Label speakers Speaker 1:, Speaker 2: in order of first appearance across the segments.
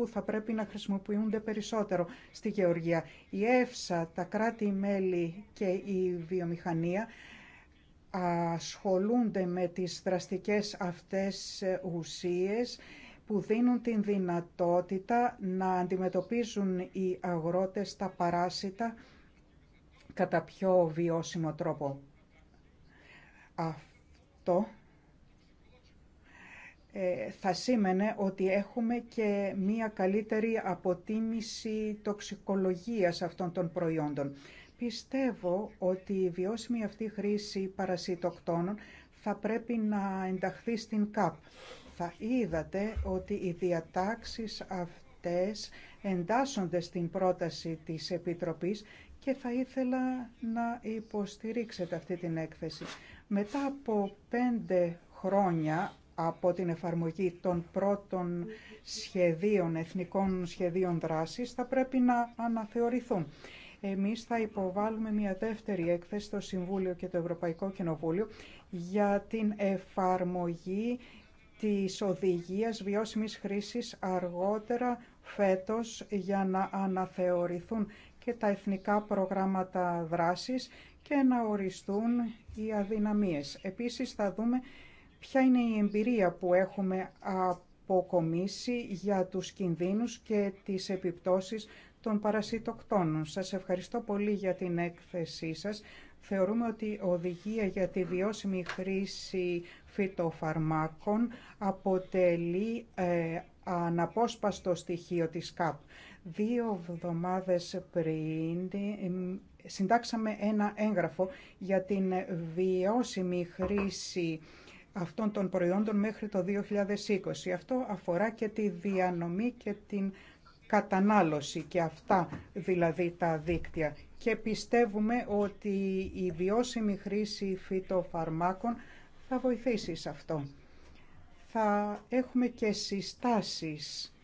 Speaker 1: που θα πρέπει να χρησιμοποιούνται περισσότερο στη Γεωργία. Η ΕΦΣΑ, τα κράτη-μέλη και η βιομηχανία ασχολούνται με τις δραστικές αυτές ουσίες που δίνουν την δυνατότητα να αντιμετωπίζουν οι αγρότες τα παράσιτα κατά πιο βιώσιμο τρόπο. Αυτό ε, θα σήμαινε ότι έχουμε και μία καλύτερη αποτίμηση τοξικολογίας αυτών των προϊόντων. Πιστεύω ότι η βιώσιμη αυτή χρήση παρασιτοκτόνων θα πρέπει να ενταχθεί στην ΚΑΠ. Θα είδατε ότι οι διατάξεις αυτές εντάσσονται στην πρόταση της Επιτροπής και θα ήθελα να υποστηρίξετε αυτή την έκθεση. Μετά από πέντε χρόνια από την εφαρμογή των πρώτων σχεδίων, εθνικών σχεδίων δράσης θα πρέπει να αναθεωρηθούν. Εμείς θα υποβάλουμε μια δεύτερη έκθεση στο Συμβούλιο και το Ευρωπαϊκό Κοινοβούλιο για την εφαρμογή της οδηγίας βιώσιμης χρήσης αργότερα φέτος για να αναθεωρηθούν και τα εθνικά προγράμματα δράσης και να οριστούν οι αδυναμίες. Επίσης θα δούμε ποια είναι η εμπειρία που έχουμε αποκομίσει για τους κινδύνους και τις επιπτώσεις των παρασιτοκτόνων. Σας ευχαριστώ πολύ για την έκθεσή σας. Θεωρούμε ότι η οδηγία για τη βιώσιμη χρήση φυτοφαρμάκων αποτελεί ε, αναπόσπαστο στοιχείο της ΚΑΠ. Δύο εβδομάδες πριν συντάξαμε ένα έγγραφο για την βιώσιμη χρήση αυτών των προϊόντων μέχρι το 2020. Αυτό αφορά και τη διανομή και την κατανάλωση και αυτά δηλαδή τα δίκτυα. Και πιστεύουμε ότι η βιώσιμη χρήση φυτοφαρμάκων θα βοηθήσει σε αυτό. Θα έχουμε και συστάσεις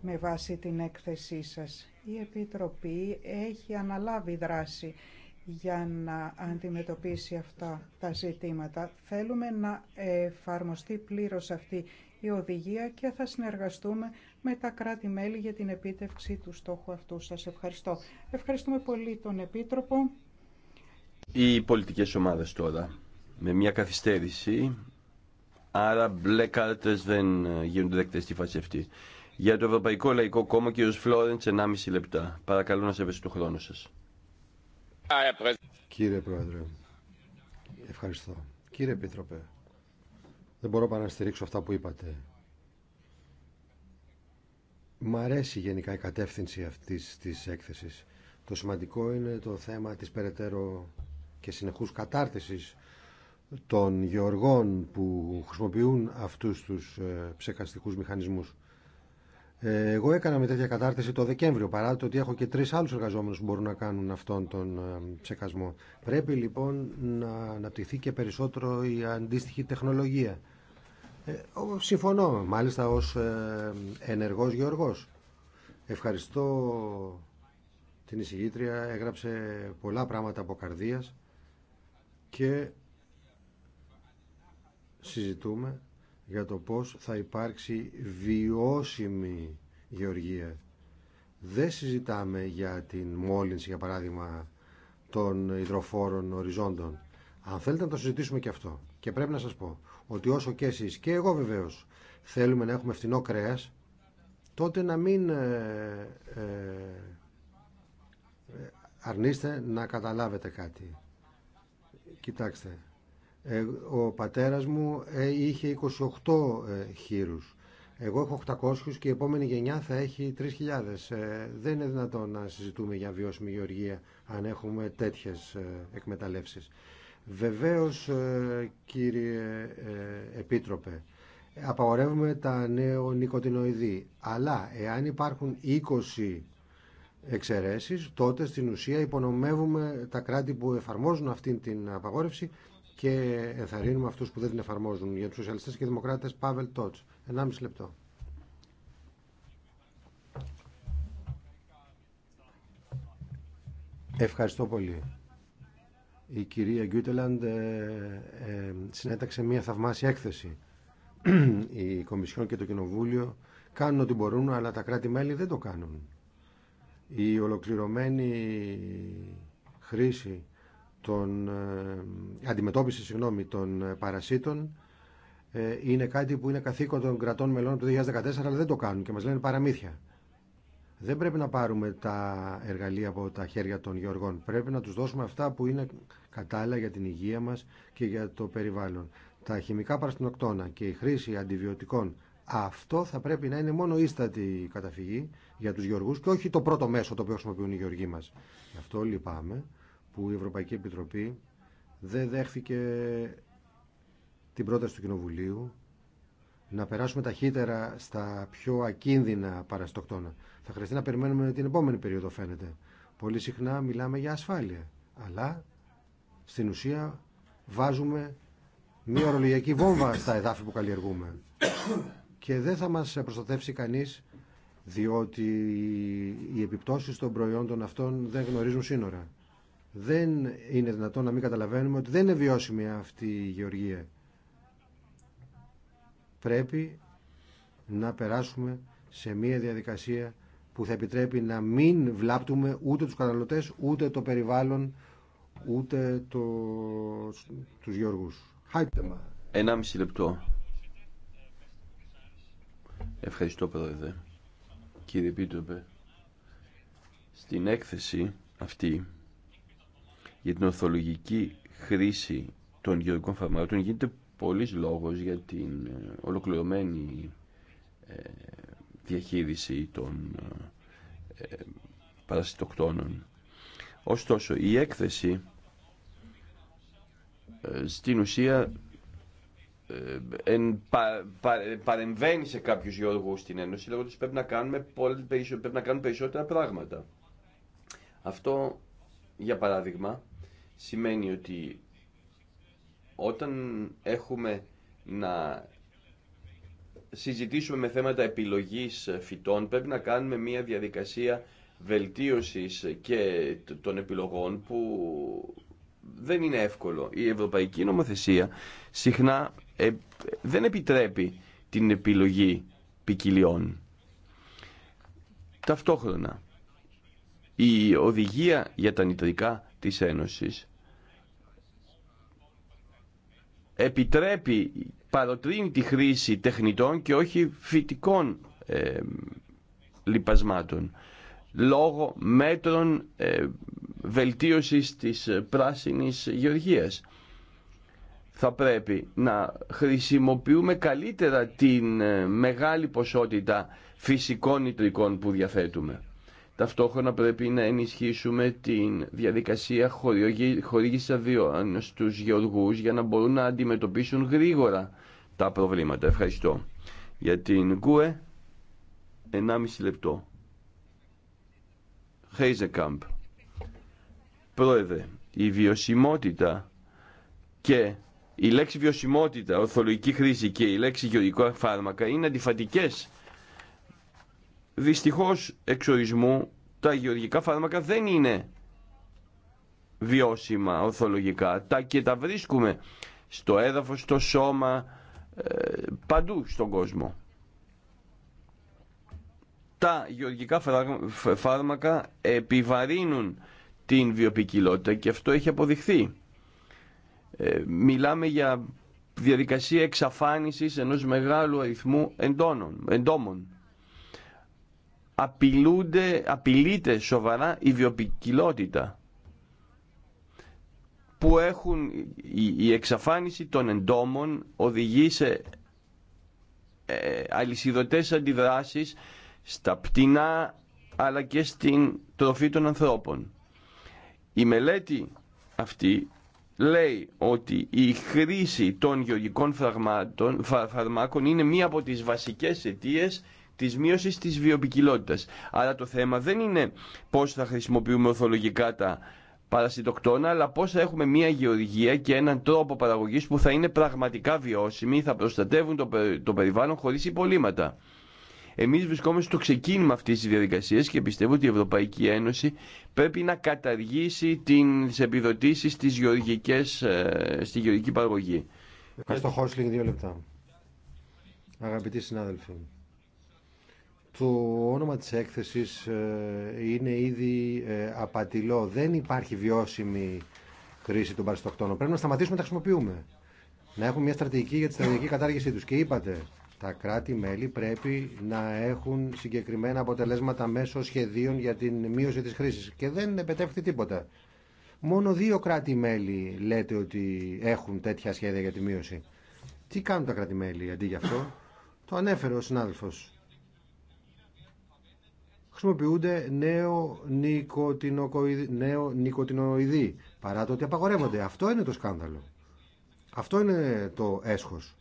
Speaker 1: με βάση την έκθεσή σας. Η Επιτροπή έχει αναλάβει δράση για να αντιμετωπίσει αυτά τα ζητήματα. Θέλουμε να εφαρμοστεί πλήρως αυτή η οδηγία και θα συνεργαστούμε με τα κράτη-μέλη για την επίτευξη του στόχου αυτού. Σας ευχαριστώ. Ευχαριστούμε πολύ τον Επίτροπο.
Speaker 2: Οι πολιτικές ομάδες τώρα, με μια καθυστέρηση, άρα μπλε κάρτες δεν ε, γίνονται δεκτές στη φάση αυτή. Για το Ευρωπαϊκό Λαϊκό Κόμμα, κ. Φλόρεντς, 1,5 λεπτά. Παρακαλώ να σέβεστε το χρόνο σας. Κύριε Πρόεδρε,
Speaker 3: ευχαριστώ. Κύριε Επίτροπε, δεν μπορώ παρά να στηρίξω αυτά που είπατε. Μ' αρέσει γενικά η κατεύθυνση αυτής της έκθεσης. Το σημαντικό είναι το θέμα της περαιτέρω και συνεχούς κατάρτισης των γεωργών που χρησιμοποιούν αυτούς τους ε, ψεκαστικούς μηχανισμούς. Ε, εγώ έκανα με τέτοια κατάρτιση το Δεκέμβριο, παρά το ότι έχω και τρει άλλου εργαζόμενου που μπορούν να κάνουν αυτόν τον ε, ψεκασμό. Πρέπει λοιπόν να αναπτυχθεί και περισσότερο η αντίστοιχη τεχνολογία. Ε, συμφωνώ, μάλιστα ως ε, ενεργός γεωργός. Ευχαριστώ την εισηγήτρια, έγραψε πολλά πράγματα από καρδίας και συζητούμε για το πώς θα υπάρξει βιώσιμη γεωργία. Δεν συζητάμε για την μόλυνση, για παράδειγμα, των υδροφόρων οριζόντων. Αν θέλετε να το συζητήσουμε και αυτό. Και πρέπει να σας πω ότι όσο και εσείς και εγώ βεβαίως θέλουμε να έχουμε φθηνό κρέας, τότε να μην ε, ε, ε, αρνείστε να καταλάβετε κάτι. Κοιτάξτε, ε, ο πατέρας μου ε, είχε 28 ε, χείρους. Εγώ έχω 800 και η επόμενη γενιά θα έχει 3.000. Δεν είναι δυνατόν να συζητούμε για βιώσιμη γεωργία αν έχουμε τέτοιες εκμεταλλεύσεις. Βεβαίως, κύριε Επίτροπε, απαγορεύουμε τα νεονικοτινοειδή. Αλλά εάν υπάρχουν 20 εξαιρέσεις, τότε στην ουσία υπονομεύουμε τα κράτη που εφαρμόζουν αυτή την απαγόρευση και ενθαρρύνουμε αυτούς που δεν την εφαρμόζουν. Για τους σοσιαλιστές και δημοκράτες, Πάβελ Τότς. 1,5 λεπτό. Ευχαριστώ πολύ. Η κυρία Γκιούτελαντ ε, ε, συνέταξε μια θαυμάσια έκθεση. Η Κομισιόν και το Κοινοβούλιο κάνουν ό,τι μπορούν, αλλά τα κράτη-μέλη δεν το κάνουν. Η ολοκληρωμένη χρήση των, ε, αντιμετώπιση συγγνώμη, των ε, παρασίτων ε, είναι κάτι που είναι καθήκον των κρατών μελών του 2014 αλλά δεν το κάνουν και μας λένε παραμύθια. Δεν πρέπει να πάρουμε τα εργαλεία από τα χέρια των γεωργών. Πρέπει να τους δώσουμε αυτά που είναι κατάλληλα για την υγεία μας και για το περιβάλλον. Τα χημικά παρασυνοκτόνα και η χρήση αντιβιωτικών αυτό θα πρέπει να είναι μόνο ίστατη καταφυγή για τους γεωργούς και όχι το πρώτο μέσο το οποίο χρησιμοποιούν οι γεωργοί μας. Γι' αυτό λυπάμαι που η Ευρωπαϊκή Επιτροπή δεν δέχθηκε την πρόταση του Κοινοβουλίου να περάσουμε ταχύτερα στα πιο ακίνδυνα παραστοκτόνα. Θα χρειαστεί να περιμένουμε την επόμενη περίοδο φαίνεται. Πολύ συχνά μιλάμε για ασφάλεια, αλλά στην ουσία βάζουμε μια ορολογιακή βόμβα στα εδάφη που καλλιεργούμε. Και δεν θα μας προστατεύσει κανείς διότι οι επιπτώσεις των προϊόντων αυτών δεν γνωρίζουν σύνορα. Δεν είναι δυνατόν να μην καταλαβαίνουμε ότι δεν είναι βιώσιμη αυτή η γεωργία. Πρέπει να περάσουμε σε μια διαδικασία που θα επιτρέπει να μην βλάπτουμε ούτε τους καταναλωτές, ούτε το περιβάλλον, ούτε το...
Speaker 2: τους γεωργούς. Ένα μισή λεπτό. Ευχαριστώ πρόεδρε. Κύριε Πίτροπε, στην έκθεση αυτή για την ορθολογική χρήση των γεωργικών φαρμάκων γίνεται πολλής λόγος για την ε, ολοκληρωμένη ε, διαχείριση των ε, παρασιτοκτόνων. Ωστόσο, η έκθεση στην ουσία παρεμβαίνει σε κάποιους γεωργούς στην Ένωση ότι πρέπει πρέπει να κάνουμε περισσότερα πράγματα. Αυτό, για παράδειγμα, σημαίνει ότι όταν έχουμε να συζητήσουμε με θέματα επιλογής φυτών πρέπει να κάνουμε μια διαδικασία βελτίωσης και των επιλογών που δεν είναι εύκολο. Η ευρωπαϊκή νομοθεσία συχνά δεν επιτρέπει την επιλογή ποικιλιών. Ταυτόχρονα, η οδηγία για τα νητρικά της Ένωσης επιτρέπει, παροτρύνει τη χρήση τεχνητών και όχι φυτικών ε, λιπασμάτων λόγω μέτρων ε, βελτίωσης της πράσινης γεωργίας. Θα πρέπει να χρησιμοποιούμε καλύτερα την ε, μεγάλη ποσότητα φυσικών νητρικών που διαθέτουμε. Ταυτόχρονα πρέπει να ενισχύσουμε την διαδικασία χορήγηση αδειών στους γεωργού για να μπορούν να αντιμετωπίσουν γρήγορα τα προβλήματα. Ευχαριστώ. Για την ΚΟΕ, 1,5 λεπτό. Κάμπ. Πρόεδρε, η βιωσιμότητα και η λέξη βιωσιμότητα, ορθολογική χρήση και η λέξη γεωργικό φάρμακα είναι αντιφατικές Δυστυχώς εξορισμού τα γεωργικά φάρμακα δεν είναι βιώσιμα ορθολογικά. Τα και τα βρίσκουμε στο έδαφος, στο σώμα, ε, παντού στον κόσμο. Τα γεωργικά φάρμακα επιβαρύνουν την βιοπικιλότητα και αυτό έχει αποδειχθεί. Ε, μιλάμε για διαδικασία εξαφάνισης ενός μεγάλου αριθμού εντόνων, εντόμων απειλούνται, απειλείται σοβαρά η βιοπικιλότητα που έχουν η εξαφάνιση των εντόμων οδηγεί σε ε, αλυσιδωτές αντιδράσεις στα πτηνά αλλά και στην τροφή των ανθρώπων. Η μελέτη αυτή λέει ότι η χρήση των γεωργικών φαρμάκων είναι μία από τις βασικές αιτίες Τη μείωση τη βιοπικιλότητα. Άρα το θέμα δεν είναι πώ θα χρησιμοποιούμε οθολογικά τα παρασιτοκτόνα, αλλά πώ θα έχουμε μια γεωργία και έναν τρόπο παραγωγή που θα είναι πραγματικά βιώσιμοι, θα προστατεύουν το, περιβάλλον πρέπει υπολείμματα. εμει βρισκόμαστε στο ξεκίνημα επιδοτήσει τη διαδικασια και πιστεύω ότι η Ευρωπαϊκή Ένωση πρέπει να καταργήσει τι επιδοτησει ε, στη γεωργική παραγωγή. Ευχαριστώ Χόρσλινγκ,
Speaker 3: δύο λεπτά. Αγαπητοί συνάδελφοι, το όνομα της έκθεσης ε, είναι ήδη ε, απατηλό. Δεν υπάρχει βιώσιμη χρήση των παραστοκτώνων. Πρέπει να σταματήσουμε να τα χρησιμοποιούμε. Να έχουμε μια στρατηγική για τη στρατηγική κατάργησή τους. Και είπατε, τα κράτη-μέλη πρέπει να έχουν συγκεκριμένα αποτελέσματα μέσω σχεδίων για την μείωση της χρήσης. Και δεν επετεύχθη τίποτα. Μόνο δύο κράτη-μέλη λέτε ότι έχουν τέτοια σχέδια για τη μείωση. Τι κάνουν τα κράτη-μέλη αντί για αυτό. Το ανέφερε ο συνάδελφος χρησιμοποιούνται νέο, νέο νοικοτινοειδή, παρά το ότι απαγορεύονται. Αυτό είναι το σκάνδαλο. Αυτό είναι το έσχος.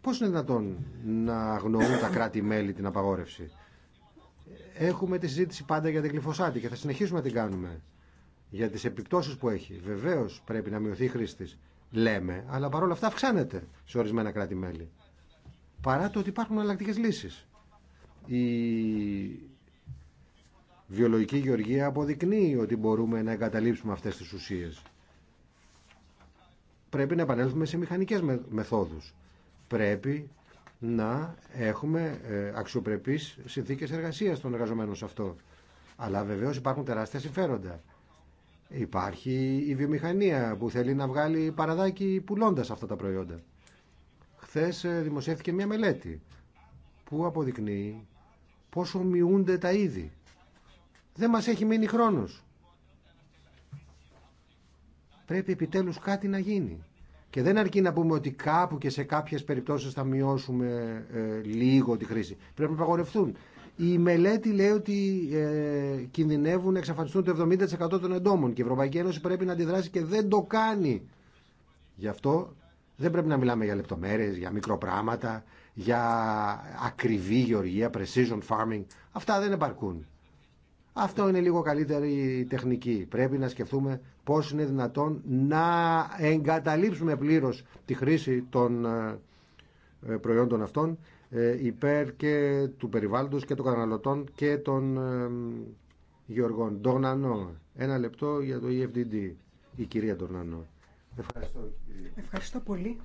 Speaker 3: Πώς είναι δυνατόν να αγνοούν τα κράτη-μέλη την απαγόρευση. Έχουμε τη συζήτηση πάντα για την κλειφωσάτη και θα συνεχίσουμε να την κάνουμε. Για τις επιπτώσεις που έχει. Βεβαίως πρέπει να μειωθεί η χρήση της. Λέμε, αλλά παρόλα αυτά αυξάνεται σε ορισμένα κράτη-μέλη. Παρά το ότι υπάρχουν αλλακτικές λύσεις. Η βιολογική γεωργία αποδεικνύει ότι μπορούμε να εγκαταλείψουμε αυτές τις ουσίες. Πρέπει να επανέλθουμε σε μηχανικές μεθόδους. Πρέπει να έχουμε ε, αξιοπρεπείς συνθήκες εργασίας των εργαζομένων σε αυτό. Αλλά βεβαίως υπάρχουν τεράστια συμφέροντα. Υπάρχει η βιομηχανία που θέλει να βγάλει παραδάκι πουλώντας αυτά τα προϊόντα. Χθες ε, δημοσιεύτηκε μια μελέτη που αποδεικνύει πόσο μειούνται τα είδη. Δεν μας έχει μείνει χρόνος. Πρέπει επιτέλους κάτι να γίνει. Και δεν αρκεί να πούμε ότι κάπου και σε κάποιες περιπτώσεις θα μειώσουμε ε, λίγο τη χρήση. Πρέπει να παγορευτούν. Η μελέτη λέει ότι ε, κινδυνεύουν να εξαφανιστούν το 70% των εντόμων και η Ευρωπαϊκή Ένωση πρέπει να αντιδράσει και δεν το κάνει. Γι' αυτό δεν πρέπει να μιλάμε για λεπτομέρειες, για μικροπράγματα, για ακριβή γεωργία, precision farming. Αυτά δεν επαρκούν. Αυτό είναι λίγο καλύτερη τεχνική. Πρέπει να σκεφτούμε πώς είναι δυνατόν να εγκαταλείψουμε πλήρως τη χρήση των ε, ε, προϊόντων αυτών ε, υπέρ και του περιβάλλοντος και των καταναλωτών και των γεωργών. Ντορνανό. Ένα λεπτό για το EFDD. Η κυρία Ντορνανό. Ευχαριστώ.
Speaker 1: Ευχαριστώ πολύ.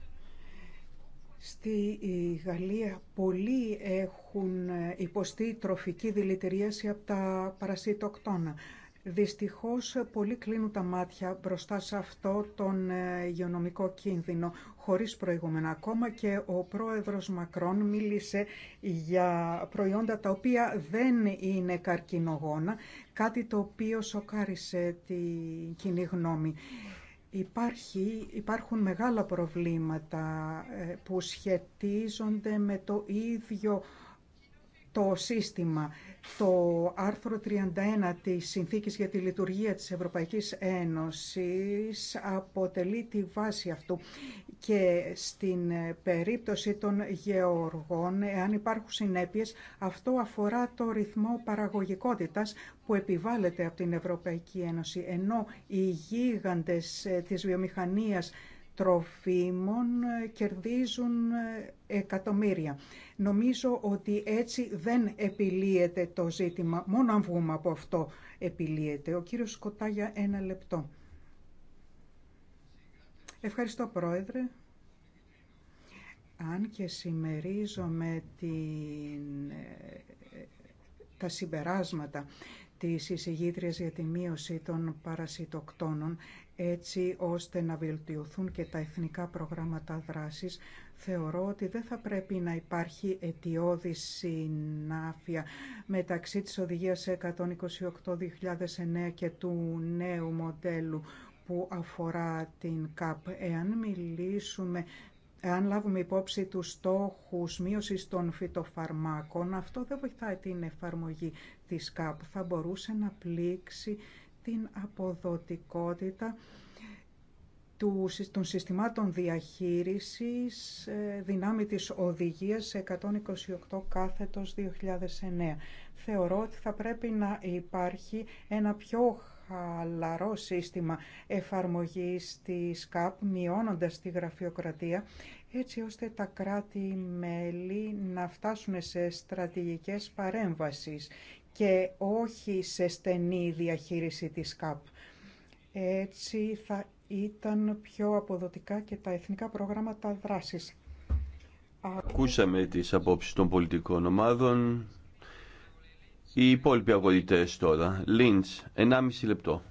Speaker 1: Στη ε, Γαλλία πολλοί έχουν ε, υποστεί τροφική δηλητηρίαση από τα παρασιτοκτόνα. Δυστυχώς πολλοί κλείνουν τα μάτια μπροστά σε αυτό τον ε, υγειονομικό κίνδυνο χωρίς προηγούμενα. Ακόμα και ο πρόεδρος Μακρόν μίλησε για προϊόντα τα οποία δεν είναι καρκινογόνα, κάτι το οποίο σοκάρισε την κοινή γνώμη. Υπάρχει, υπάρχουν μεγάλα προβλήματα ε, που σχετίζονται με το ίδιο το σύστημα. Το άρθρο 31 της Συνθήκης για τη Λειτουργία της Ευρωπαϊκής Ένωσης αποτελεί τη βάση αυτού και στην περίπτωση των γεωργών, εάν υπάρχουν συνέπειες, αυτό αφορά το ρυθμό παραγωγικότητας που επιβάλλεται από την Ευρωπαϊκή Ένωση, ενώ οι γίγαντες ε, της βιομηχανίας τροφίμων ε, κερδίζουν ε, εκατομμύρια. Νομίζω ότι έτσι δεν επιλύεται το ζήτημα. Μόνο αν βγούμε από αυτό επιλύεται. Ο κύριος Σκοτά για ένα λεπτό. Ευχαριστώ Πρόεδρε. Αν και συμμερίζομαι την, ε, τα συμπεράσματα της εισηγήτριας για τη μείωση των παρασιτοκτόνων, έτσι ώστε να βελτιωθούν και τα εθνικά προγράμματα δράσης, θεωρώ ότι δεν θα πρέπει να υπάρχει αιτιώδη συνάφεια μεταξύ της Οδηγίας 128-2009 και του νέου μοντέλου που αφορά την ΚΑΠ. Εάν μιλήσουμε Εάν λάβουμε υπόψη τους στόχους μείωσης των φυτοφαρμάκων, αυτό δεν βοηθάει την εφαρμογή της ΚΑΠ. Θα μπορούσε να πλήξει την αποδοτικότητα των συστημάτων διαχείρισης ε, δυνάμει της οδηγίας 128 κάθετος 2009. Θεωρώ ότι θα πρέπει να υπάρχει ένα πιο χαλαρό σύστημα εφαρμογής της ΚΑΠ, μειώνοντας τη γραφειοκρατία, έτσι ώστε τα κράτη-μέλη να φτάσουν σε στρατηγικές παρέμβασεις και όχι σε στενή διαχείριση της ΚΑΠ. Έτσι θα ήταν πιο αποδοτικά και τα εθνικά προγράμματα δράσης.
Speaker 2: Ακούσαμε τις απόψεις των πολιτικών ομάδων. Οι υπόλοιποι αγωγητές τώρα. Λίντς, 1,5 λεπτό.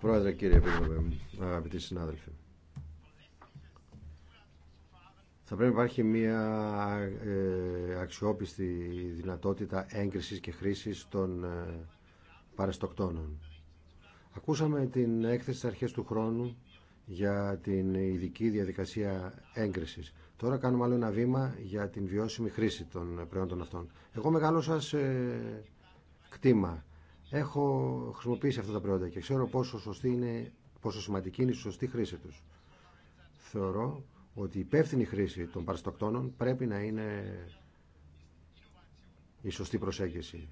Speaker 3: Πρόεδρε, κύριε Επίτροπε, αγαπητοί συνάδελφοι θα πρέπει να υπάρχει μια ε, αξιόπιστη δυνατότητα έγκρισης και χρήσης των ε, παρεστοκτόνων. Ακούσαμε την έκθεση στις αρχές του χρόνου για την ειδική διαδικασία έγκρισης. Τώρα κάνουμε άλλο ένα βήμα για την βιώσιμη χρήση των προϊόντων αυτών. Εγώ μεγάλωσα σε κτήμα. Έχω χρησιμοποιήσει αυτά τα προϊόντα και ξέρω πόσο, σωστή είναι, πόσο σημαντική είναι η σωστή χρήση τους. Θεωρώ ότι η υπεύθυνη χρήση των παραστοκτώνων πρέπει να είναι η σωστή προσέγγιση.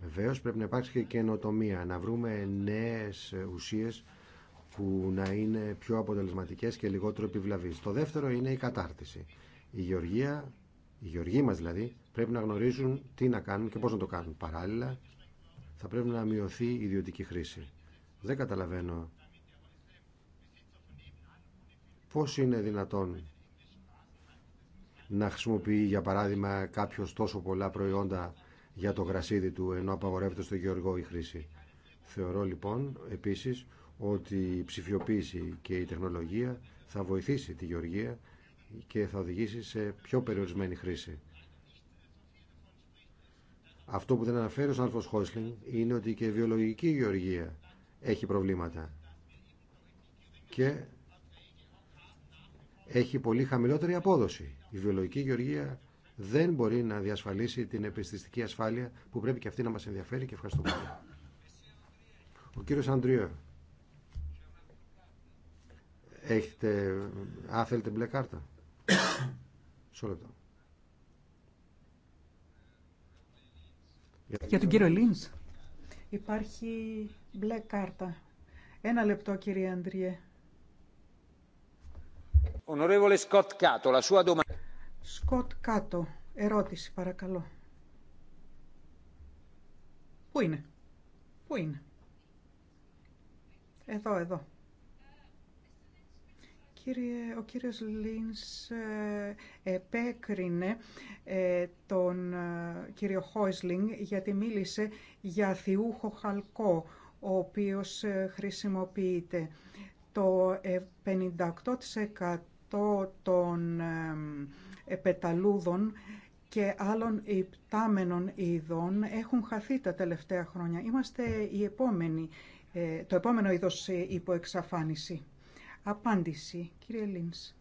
Speaker 3: Βεβαίω πρέπει να υπάρξει και καινοτομία, να βρούμε νέες ουσίες που να είναι πιο αποτελεσματικές και λιγότερο επιβλαβείς. Το δεύτερο είναι η κατάρτιση. Η γεωργία, οι γεωργοί μας δηλαδή, πρέπει να γνωρίζουν τι να κάνουν και πώς να το κάνουν. Παράλληλα, θα πρέπει να μειωθεί η ιδιωτική χρήση. Δεν καταλαβαίνω Πώς είναι δυνατόν να χρησιμοποιεί για παράδειγμα κάποιος τόσο πολλά προϊόντα για το γρασίδι του ενώ απαγορεύεται στο γεωργό η χρήση. Θεωρώ λοιπόν επίσης ότι η ψηφιοποίηση και η τεχνολογία θα βοηθήσει τη γεωργία και θα οδηγήσει σε πιο περιορισμένη χρήση. Αυτό που δεν αναφέρει ο Σάλφος Χόσλινγκ είναι ότι και η βιολογική γεωργία έχει προβλήματα. Και έχει πολύ χαμηλότερη απόδοση. Η βιολογική γεωργία δεν μπορεί να διασφαλίσει την επιστηστική ασφάλεια που πρέπει και αυτή να μας ενδιαφέρει και ευχαριστώ πολύ. Ο κύριος Αντριέ. Έχετε, α, θέλετε μπλε κάρτα. Σε
Speaker 1: Για τον κύριο Λίνς. Υπάρχει μπλε κάρτα. Ένα λεπτό κύριε Αντριέ. Σκοτ Κάτο, ερώτηση παρακαλώ. Πού είναι, πού είναι. Εδώ, εδώ. Κύριε, ο κύριος Λίνς ε, επέκρινε ε, τον ε, κύριο Χόισλινγκ γιατί μίλησε για θιούχο χαλκό, ο οποίος χρησιμοποιείται. Το 58% των πεταλούδων και άλλων υπτάμενων ειδών έχουν χαθεί τα τελευταία χρόνια. Είμαστε η επόμενη, ε, το επόμενο είδος ε, υποεξαφάνιση. Απάντηση, κύριε Λίνς.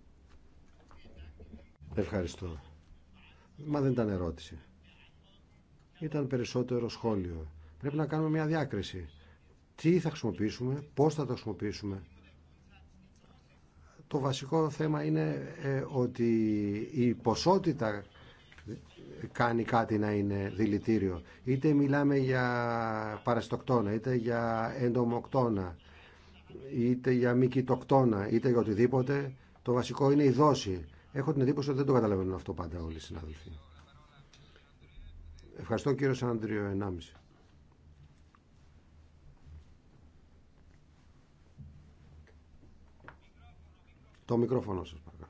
Speaker 3: Ευχαριστώ. Μα δεν ήταν ερώτηση. Ήταν περισσότερο σχόλιο. Πρέπει να κάνουμε μια διάκριση. Τι θα χρησιμοποιήσουμε, πώς θα το χρησιμοποιήσουμε το βασικό θέμα είναι ε, ότι η ποσότητα κάνει κάτι να είναι δηλητήριο. Είτε μιλάμε για παραστοκτόνα, είτε για εντομοκτόνα, είτε για μικητοκτόνα, είτε για οτιδήποτε. Το βασικό είναι η δόση. Έχω την εντύπωση ότι δεν το καταλαβαίνουν αυτό πάντα όλοι οι συνάδελφοι. Ευχαριστώ κύριο Σάντριο, ενάμιση. Το μικρόφωνο σας παρακαλώ.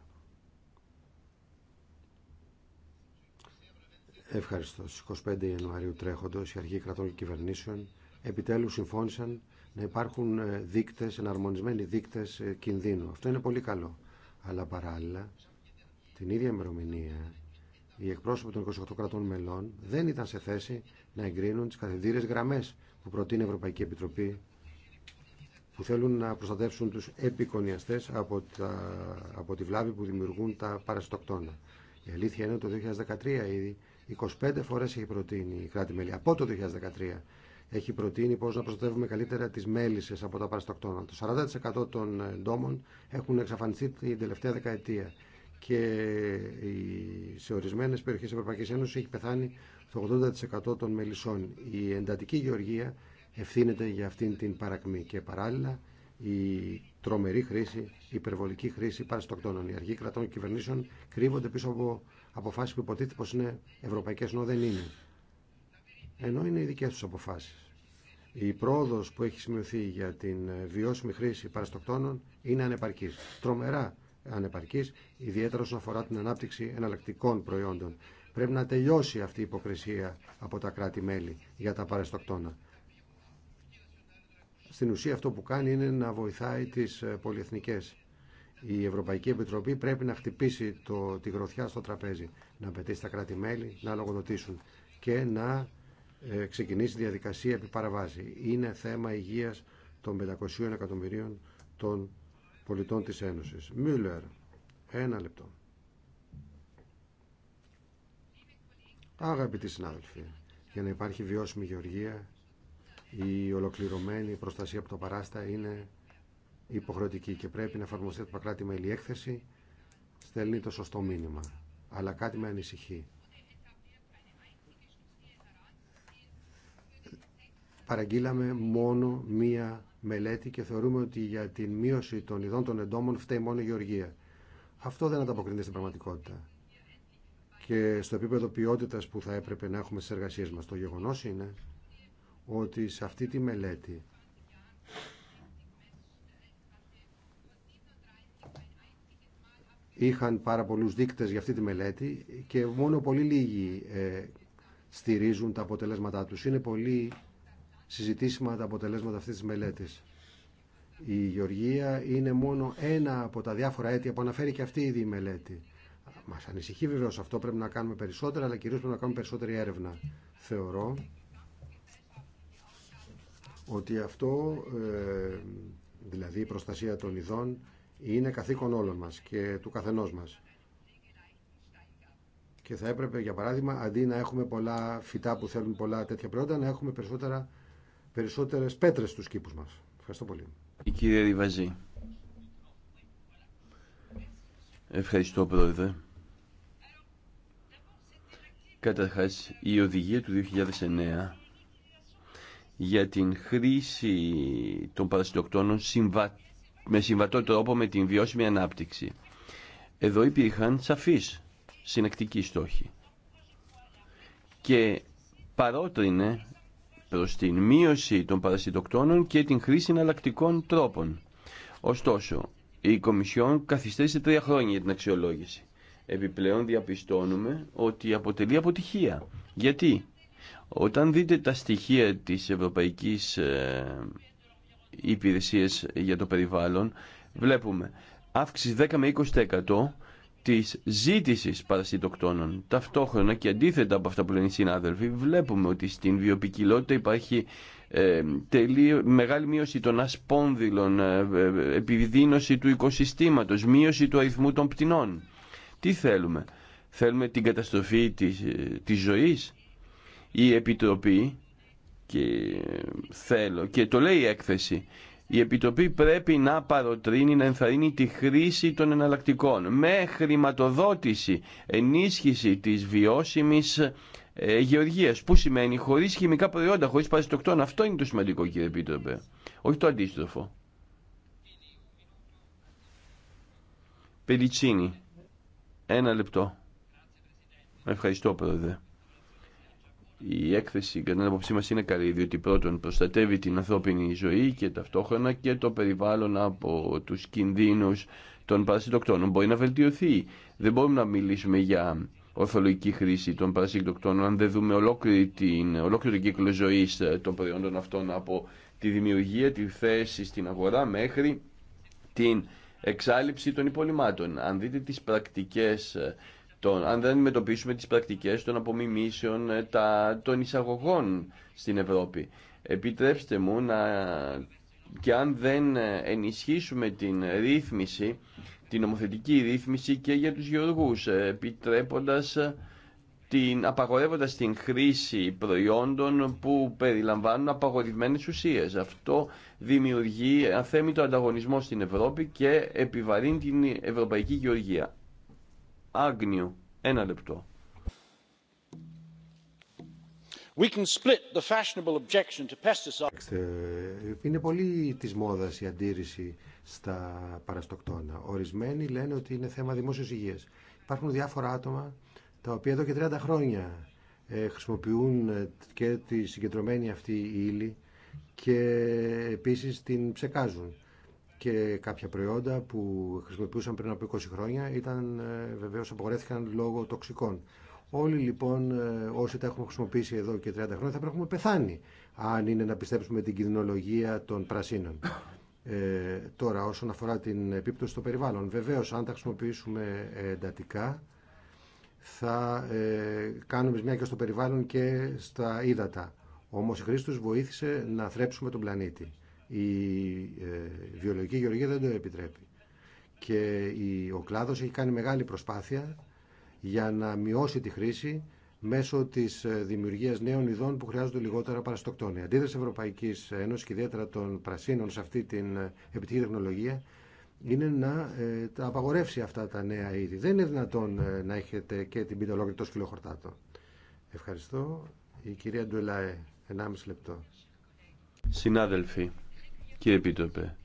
Speaker 3: Ευχαριστώ. Στις 25 Ιανουαρίου τρέχοντος οι Αρχή κρατών και κυβερνήσεων επιτέλους συμφώνησαν να υπάρχουν ε, δείκτες, εναρμονισμένοι δείκτες ε, κινδύνου. Αυτό είναι πολύ καλό. Αλλά παράλληλα, την ίδια ημερομηνία, οι εκπρόσωποι των 28 κρατών μελών δεν ήταν σε θέση να εγκρίνουν τις καθεντήρες γραμμές που προτείνει η Ευρωπαϊκή Επιτροπή που θέλουν να προστατεύσουν τους επικονιαστές από, τα, από τη βλάβη που δημιουργούν τα παραστοκτόνα. Η αλήθεια είναι ότι το 2013 ήδη 25 φορές έχει προτείνει η κράτη-μέλη. Από το 2013 έχει προτείνει πώς να προστατεύουμε καλύτερα τις μέλισσες από τα παραστοκτόνα; Το 40% των ντόμων έχουν εξαφανιστεί την τελευταία δεκαετία και σε ορισμένε περιοχέ τη Ευρωπαϊκή Ένωση έχει πεθάνει το 80% των μελισσών. Η εντατική γεωργία ευθύνεται για αυτήν την παρακμή και παράλληλα η τρομερή χρήση, η υπερβολική χρήση παραστοκτόνων. Οι αργοί κρατών και κυβερνήσεων κρύβονται πίσω από αποφάσει που υποτίθεται πω είναι ευρωπαϊκέ, ενώ δεν είναι. Ενώ είναι οι δικέ του αποφάσει. Η πρόοδο που έχει σημειωθεί για την βιώσιμη χρήση παραστοκτόνων είναι ανεπαρκή. Τρομερά ανεπαρκή, ιδιαίτερα όσον αφορά την ανάπτυξη εναλλακτικών προϊόντων. Πρέπει να τελειώσει αυτή η υποκρισία από τα κράτη-μέλη για τα παραστοκτώνα στην ουσία αυτό που κάνει είναι να βοηθάει τις ε, πολυεθνικές. Η Ευρωπαϊκή Επιτροπή πρέπει να χτυπήσει το, τη γροθιά στο τραπέζι, να πετύσει τα κράτη-μέλη, να λογοδοτήσουν και να ε, ξεκινήσει διαδικασία επί παραβάση. Είναι θέμα υγείας των 500 εκατομμυρίων των πολιτών της Ένωσης. Μιούλερ, ένα λεπτό. Αγαπητοί συνάδελφοι, για να υπάρχει βιώσιμη γεωργία η ολοκληρωμένη προστασία από το παράστα είναι υποχρεωτική και πρέπει να εφαρμοστεί από τα κράτη-μέλη. Η έκθεση στέλνει το σωστό μήνυμα. Αλλά κάτι με ανησυχεί. Παραγγείλαμε μόνο μία μελέτη και θεωρούμε ότι για την μείωση των ειδών των εντόμων φταίει μόνο η γεωργία. Αυτό δεν ανταποκρίνεται στην πραγματικότητα και στο επίπεδο ποιότητας που θα έπρεπε να έχουμε στις εργασίες μας. Το γεγονός είναι ότι σε αυτή τη μελέτη είχαν πάρα πολλούς δείκτες για αυτή τη μελέτη και μόνο πολύ λίγοι ε, στηρίζουν τα αποτελέσματά τους. Είναι πολύ συζητήσιμα τα αποτελέσματα αυτής της μελέτης. Η Γεωργία είναι μόνο ένα από τα διάφορα αίτια που αναφέρει και αυτή ήδη η μελέτη. Μας ανησυχεί βεβαίως αυτό, πρέπει να κάνουμε περισσότερα, αλλά κυρίως πρέπει να κάνουμε περισσότερη έρευνα. Θεωρώ ότι αυτό, ε, δηλαδή η προστασία των ειδών, είναι καθήκον όλων μας και του καθενός μας. Και θα έπρεπε, για παράδειγμα, αντί να έχουμε πολλά φυτά που θέλουν πολλά τέτοια προϊόντα, να έχουμε περισσότερα, περισσότερες πέτρες στους κήπους μας. Ευχαριστώ πολύ.
Speaker 2: Η κυρία Ριβαζή. Ευχαριστώ, Πρόεδρε. Καταρχάς, η οδηγία του 2009 για την χρήση των παρασιτοκτόνων με συμβατό τρόπο με την βιώσιμη ανάπτυξη. Εδώ υπήρχαν σαφείς συνεκτικοί στόχοι και παρότρινε προς την μείωση των παρασυντοκτώνων και την χρήση εναλλακτικών τρόπων. Ωστόσο, η Κομισιόν καθυστέρησε τρία χρόνια για την αξιολόγηση. Επιπλέον διαπιστώνουμε ότι αποτελεί αποτυχία. Γιατί όταν δείτε τα στοιχεία της Ευρωπαϊκής ε, Υπηρεσίας για το Περιβάλλον, βλέπουμε αύξηση 10 με 20% της ζήτησης παρασιτοκτόνων. Ταυτόχρονα και αντίθετα από αυτά που λένε οι συνάδελφοι, βλέπουμε ότι στην βιοπικιλότητα υπάρχει ε, τελείω, μεγάλη μείωση των ασπόνδυλων, ε, ε του οικοσυστήματος, μείωση του αριθμού των πτηνών. Τι θέλουμε. Θέλουμε την καταστροφή της, της ζωής η Επιτροπή και θέλω και το λέει η έκθεση η Επιτροπή πρέπει να παροτρύνει, να ενθαρρύνει τη χρήση των εναλλακτικών με χρηματοδότηση, ενίσχυση της βιώσιμης ε, γεωργίας. Που σημαίνει χωρίς χημικά προϊόντα, χωρίς παραστοκτών. Αυτό είναι το σημαντικό κύριε Επίτροπε. Όχι το αντίστροφο. Πελιτσίνη. Ένα λεπτό. Ευχαριστώ πρόεδρε. Η έκθεση κατά την απόψή μας είναι καλή διότι πρώτον προστατεύει την ανθρώπινη ζωή και ταυτόχρονα και το περιβάλλον από τους κινδύνους των παρασυντοκτώνων. Μπορεί να βελτιωθεί. Δεν μπορούμε να μιλήσουμε για ορθολογική χρήση των παρασυντοκτώνων αν δεν δούμε ολόκληρη την, ολόκληρο κύκλο ζωή ε, των προϊόντων αυτών από τη δημιουργία, τη θέση στην αγορά μέχρι την εξάλληψη των υπολοιμάτων. Αν δείτε τις πρακτικές ε, τον, αν δεν αντιμετωπίσουμε τις πρακτικές των απομιμήσεων ε, τα, των εισαγωγών στην Ευρώπη. Επιτρέψτε μου να και αν δεν ε, ενισχύσουμε την ρύθμιση, την νομοθετική ρύθμιση και για τους γεωργούς, ε, επιτρέποντας την, απαγορεύοντας την χρήση προϊόντων που περιλαμβάνουν απαγορευμένες ουσίες. Αυτό δημιουργεί αθέμητο ανταγωνισμό στην Ευρώπη και επιβαρύνει την ευρωπαϊκή γεωργία άγνιο. Ένα λεπτό.
Speaker 3: Είναι πολύ της μόδας η αντίρρηση στα παραστοκτόνα. Ορισμένοι λένε ότι είναι θέμα δημόσιας υγείας. Υπάρχουν διάφορα άτομα τα οποία εδώ και 30 χρόνια ε, χρησιμοποιούν ε, και τη συγκεντρωμένη αυτή η ύλη και επίσης την ψεκάζουν και κάποια προϊόντα που χρησιμοποιούσαν πριν από 20 χρόνια ήταν ε, βεβαίως απογορέθηκαν λόγω τοξικών. Όλοι λοιπόν ε, όσοι τα έχουμε χρησιμοποιήσει εδώ και 30 χρόνια θα πρέπει να έχουμε πεθάνει αν είναι να πιστέψουμε την κινδυνολογία των πρασίνων. Ε, τώρα όσον αφορά την επίπτωση στο περιβάλλον. Βεβαίως αν τα χρησιμοποιήσουμε εντατικά θα ε, κάνουμε μια και στο περιβάλλον και στα ύδατα. Όμως η χρήση τους βοήθησε να θρέψουμε τον πλανήτη η ε, βιολογική γεωργία δεν το επιτρέπει. Και ο κλάδος έχει κάνει μεγάλη προσπάθεια για να μειώσει τη χρήση μέσω τη ε, δημιουργία νέων ειδών που χρειάζονται λιγότερα παραστοκτόνια. Αντίδραση Ευρωπαϊκή Ένωση και ιδιαίτερα των πρασίνων σε αυτή την ε, επιτυχή τεχνολογία είναι να τα απαγορεύσει αυτά τα νέα είδη. Δεν είναι δυνατόν να έχετε και την πίτα ολόκληρη τόσο φιλοχορτάτο. Ευχαριστώ. Η κυρία Ντουελάε, 1,5 λεπτό.
Speaker 2: Συνάδελφοι, κύριε Επίτροπε.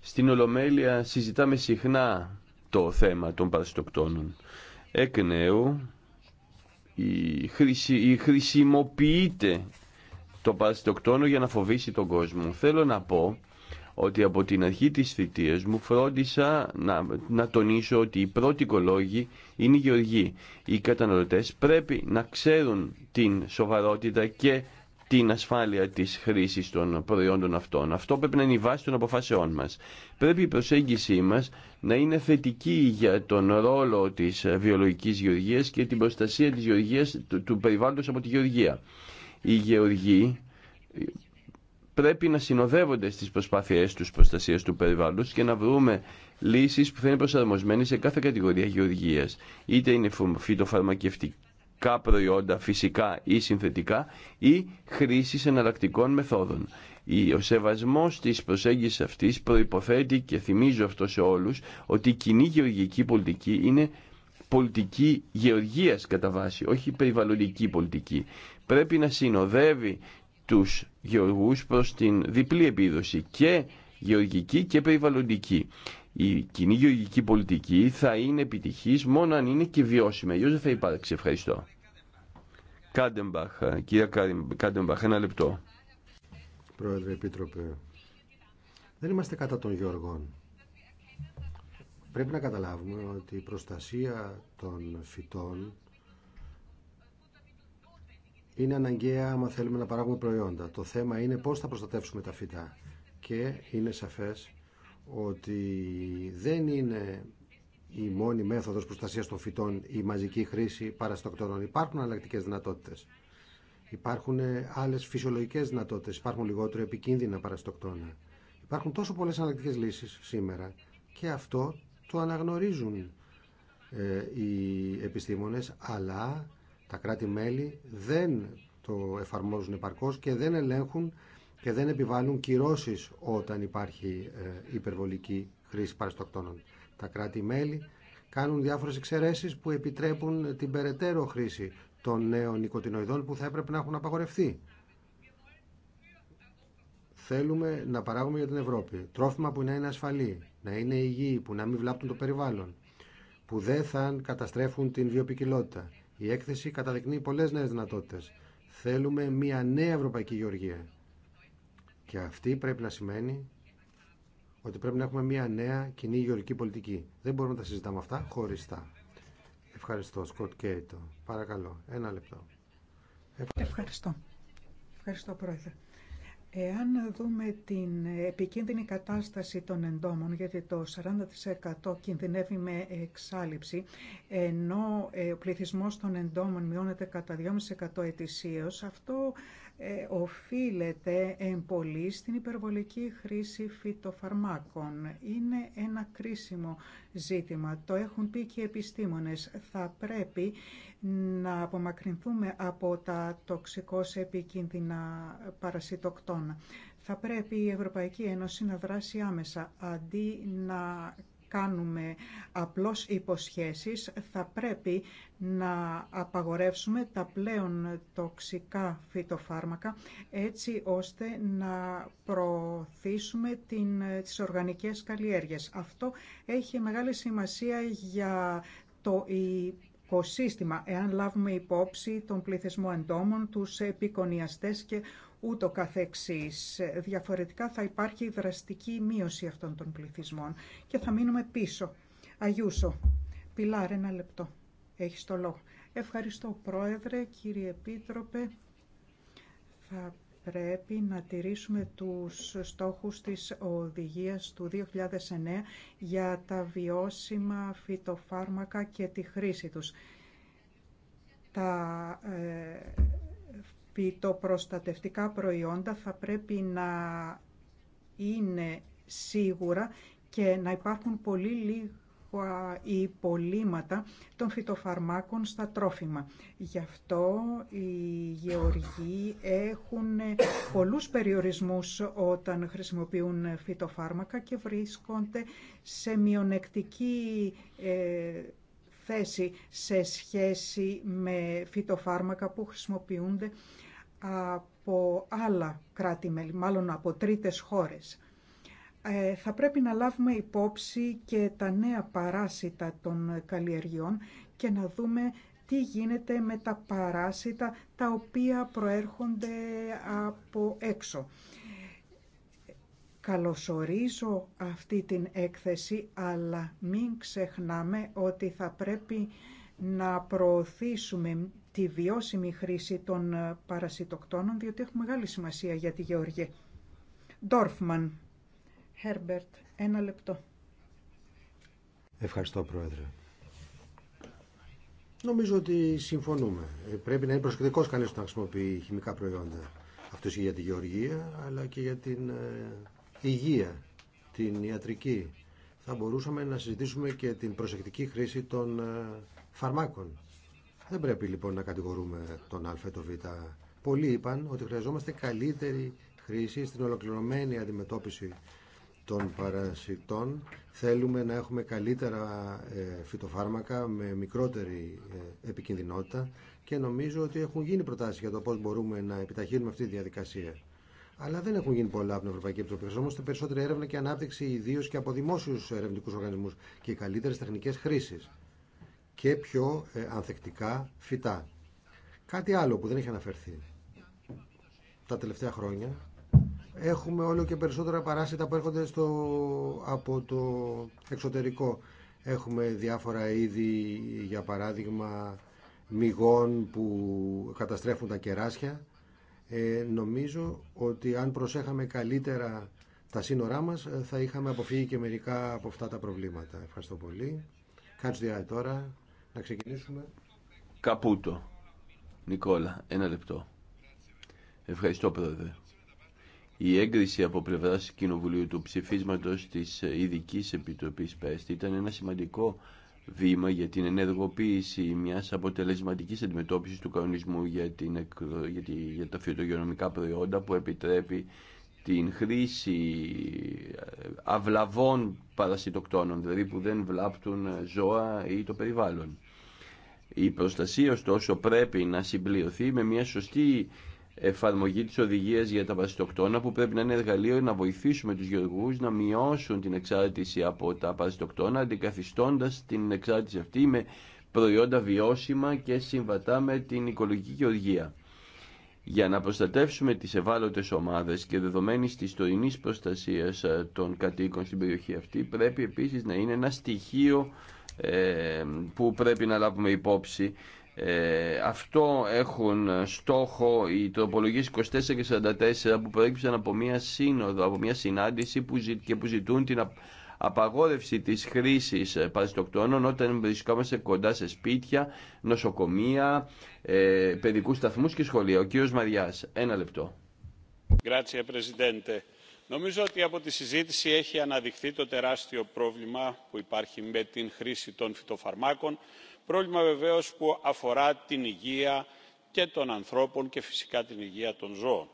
Speaker 2: Στην Ολομέλεια συζητάμε συχνά το θέμα των παραστοκτόνων. Εκ νέου η, η χρησιμοποιείται το παραστοκτόνο για να φοβήσει τον κόσμο. Θέλω να πω ότι από την αρχή της θητείας μου φρόντισα να, να τονίσω ότι οι πρώτοι οικολόγοι είναι οι γεωργοί. Οι καταναλωτές πρέπει να ξέρουν την σοβαρότητα και την ασφάλεια τη χρήση των προϊόντων αυτών. Αυτό πρέπει να είναι η βάση των αποφάσεών μα. Πρέπει η προσέγγιση μα να είναι θετική για τον ρόλο τη βιολογική γεωργίας και την προστασία της γεωργίας του περιβάλλοντος από τη γεωργία. Οι γεωργοί πρέπει να συνοδεύονται στις προσπάθειές τους προστασίας του περιβάλλοντος και να βρούμε λύσεις που θα είναι προσαρμοσμένες σε κάθε κατηγορία γεωργίας. Είτε είναι φυτοφαρμακευτική προϊόντα φυσικά ή συνθετικά ή χρήσης εναλλακτικών μεθόδων. Ο σεβασμός της προσέγγισης αυτής προϋποθέτει και θυμίζω αυτό σε όλους ότι η κοινή γεωργική πολιτική είναι πολιτική γεωργίας κατά βάση, όχι περιβαλλοντική πολιτική. Πρέπει να συνοδεύει τους γεωργούς προς την διπλή επίδοση και γεωργική και περιβαλλοντική η κοινή γεωργική πολιτική θα είναι επιτυχής μόνο αν είναι και βιώσιμη. Αλλιώς δεν θα υπάρξει. Ευχαριστώ. Κάντεμπαχ, κυρία Κάντεμπαχ, ένα λεπτό.
Speaker 3: Πρόεδρε Επίτροπε, δεν είμαστε κατά των γεωργών. Πρέπει να καταλάβουμε ότι η προστασία των φυτών είναι αναγκαία άμα θέλουμε να παράγουμε προϊόντα. Το θέμα είναι πώς θα προστατεύσουμε τα φυτά. Και είναι σαφές ότι δεν είναι η μόνη μέθοδος προστασίας των φυτών η μαζική χρήση παραστοκτόνων. Υπάρχουν αλλακτικές δυνατότητες. Υπάρχουν άλλες φυσιολογικές δυνατότητες. Υπάρχουν λιγότερο επικίνδυνα παραστοκτόνα. Υπάρχουν τόσο πολλές αλλακτικές λύσεις σήμερα και αυτό το αναγνωρίζουν ε, οι επιστήμονες, αλλά τα κράτη-μέλη δεν το εφαρμόζουν επαρκώς και δεν ελέγχουν και δεν επιβάλλουν κυρώσεις όταν υπάρχει ε, υπερβολική χρήση παραστοκτώνων. Τα κράτη-μέλη κάνουν διάφορες εξαιρέσεις που επιτρέπουν την περαιτέρω χρήση των νέων νοικοτινοειδών που θα έπρεπε να έχουν απαγορευτεί. Θέλουμε να παράγουμε για την Ευρώπη τρόφιμα που να είναι ασφαλή, να είναι υγιή, που να μην βλάπτουν το περιβάλλον, που δεν θα καταστρέφουν την βιοπικιλότητα. Η έκθεση καταδεικνύει πολλές νέες δυνατότητες. Θέλουμε μια νέα ευρωπαϊκή γεωργία και αυτή πρέπει να σημαίνει ότι πρέπει να έχουμε μια νέα κοινή γεωργική πολιτική. Δεν μπορούμε να τα συζητάμε αυτά χωριστά. Ευχαριστώ, Σκοτ Κέιτο. Παρακαλώ, ένα λεπτό.
Speaker 1: Ευχαριστώ. Ευχαριστώ, Ευχαριστώ Πρόεδρε. Εάν δούμε την επικίνδυνη κατάσταση των εντόμων, γιατί το 40% κινδυνεύει με εξάλληψη, ενώ ε, ο πληθυσμός των εντόμων μειώνεται κατά 2,5% ετησίως, αυτό ε, οφείλεται πολύ στην υπερβολική χρήση φυτοφαρμάκων. Είναι ένα κρίσιμο ζήτημα. Το έχουν πει και οι επιστήμονες. Θα πρέπει να απομακρυνθούμε από τα τοξικώς επικίνδυνα παρασιτοκτόνα. Θα πρέπει η Ευρωπαϊκή Ένωση να δράσει άμεσα αντί να κάνουμε απλώς υποσχέσεις, θα πρέπει να απαγορεύσουμε τα πλέον τοξικά φυτοφάρμακα έτσι ώστε να προωθήσουμε την, τις οργανικές καλλιέργειες. Αυτό έχει μεγάλη σημασία για το οικοσύστημα, εάν λάβουμε υπόψη τον πληθυσμό εντόμων, τους επικονιαστές και ούτω καθεξής. Διαφορετικά θα υπάρχει δραστική μείωση αυτών των πληθυσμών και θα μείνουμε πίσω. Αγιούσο, Πιλάρ, ένα λεπτό. Έχεις το λόγο. Ευχαριστώ Πρόεδρε, κύριε Επίτροπε. Θα πρέπει να τηρήσουμε τους στόχους της οδηγίας του 2009 για τα βιώσιμα φυτοφάρμακα και τη χρήση τους. Τα ε, φυτοπροστατευτικά προϊόντα θα πρέπει να είναι σίγουρα και να υπάρχουν πολύ λίγα υπολείμματα των φυτοφαρμάκων στα τρόφιμα. Γι' αυτό οι γεωργοί έχουν πολλούς περιορισμούς όταν χρησιμοποιούν φυτοφάρμακα και βρίσκονται σε μειονεκτική ε, θέση σε σχέση με φυτοφάρμακα που χρησιμοποιούνται από άλλα κράτη-μέλη, μάλλον από τρίτες χώρες. Ε, θα πρέπει να λάβουμε υπόψη και τα νέα παράσιτα των καλλιεργιών και να δούμε τι γίνεται με τα παράσιτα τα οποία προέρχονται από έξω. Καλωσορίζω αυτή την έκθεση, αλλά μην ξεχνάμε ότι θα πρέπει να προωθήσουμε τη βιώσιμη χρήση των ε, παρασιτοκτόνων, διότι έχουν μεγάλη σημασία για τη γεωργία. Ντόρφμαν, Herbert, ένα λεπτό.
Speaker 3: Ευχαριστώ, Πρόεδρε. Νομίζω ότι συμφωνούμε. Ε, πρέπει να είναι προσεκτικό κανεί να χρησιμοποιεί χημικά προϊόντα. Αυτό για τη γεωργία, αλλά και για την ε, υγεία, την ιατρική. Θα μπορούσαμε να συζητήσουμε και την προσεκτική χρήση των φαρμάκων. Δεν πρέπει λοιπόν να κατηγορούμε τον Α ή τον Β. Πολλοί είπαν ότι χρειαζόμαστε καλύτερη χρήση στην ολοκληρωμένη αντιμετώπιση των παρασιτών. Θέλουμε να έχουμε καλύτερα ε, φυτοφάρμακα με μικρότερη ε, επικινδυνότητα και νομίζω ότι έχουν γίνει προτάσεις για το πώς μπορούμε να επιταχύνουμε αυτή τη διαδικασία. Αλλά δεν έχουν γίνει πολλά από την Ευρωπαϊκή Επιτροπή. Χρειαζόμαστε περισσότερη έρευνα και ανάπτυξη, ιδίω και από δημόσιου ερευνητικού οργανισμού και καλύτερε τεχνικέ χρήσει και πιο ε, ανθεκτικά φυτά. Κάτι άλλο που δεν έχει αναφερθεί τα τελευταία χρόνια. Έχουμε όλο και περισσότερα παράσιτα που έρχονται στο, από το εξωτερικό. Έχουμε διάφορα είδη, για παράδειγμα, μυγών που καταστρέφουν τα κεράσια. Ε, νομίζω ότι αν προσέχαμε καλύτερα τα σύνορά μας ε, θα είχαμε αποφύγει και μερικά από αυτά τα προβλήματα. Ευχαριστώ πολύ. Κάτσε τώρα. Να ξεκινήσουμε.
Speaker 2: Καπούτο. Νικόλα, ένα λεπτό. Ευχαριστώ, Πρόεδρε. Η έγκριση από πλευρά Κοινοβουλίου του ψηφίσματο τη ε, Ειδική Επιτροπή ΠΕΣΤ ήταν ένα σημαντικό βήμα για την ενεργοποίηση μια αποτελεσματική αντιμετώπιση του κανονισμού για, την, για, τη, για τα φυτογειονομικά προϊόντα που επιτρέπει την χρήση ε, αυλαβών παρασιτοκτόνων, δηλαδή που δεν βλάπτουν ε, ζώα ή το περιβάλλον. Η προστασία ωστόσο πρέπει να συμπληρωθεί με μια σωστή εφαρμογή της οδηγίας για τα παραστοκτόνα που πρέπει να είναι εργαλείο να βοηθήσουμε τους γεωργούς να μειώσουν την εξάρτηση από τα παραστοκτόνα αντικαθιστώντας την εξάρτηση αυτή με προϊόντα βιώσιμα και συμβατά με την οικολογική γεωργία. Για να προστατεύσουμε τις ευάλωτες ομάδες και δεδομένης της τωρινής προστασίας των κατοίκων στην περιοχή αυτή πρέπει επίσης να είναι ένα στοιχείο που πρέπει να λάβουμε υπόψη. Ε, αυτό έχουν στόχο οι τροπολογίες 24 και 44 που προέκυψαν από μια σύνοδο, από μια συνάντηση που και που ζητούν την απαγόρευση της χρήσης ε, παραστοκτώνων όταν βρισκόμαστε κοντά σε σπίτια, νοσοκομεία, ε, παιδικούς σταθμούς και σχολεία. Ο κύριος Μαριάς, ένα λεπτό.
Speaker 4: Grazie, νομίζω ότι από τη συζήτηση έχει αναδειχθεί το τεράστιο πρόβλημα που υπάρχει με την χρήση των φυτοφαρμάκων πρόβλημα βεβαίως που αφορά την υγεία και των ανθρώπων και φυσικά την υγεία των ζώων.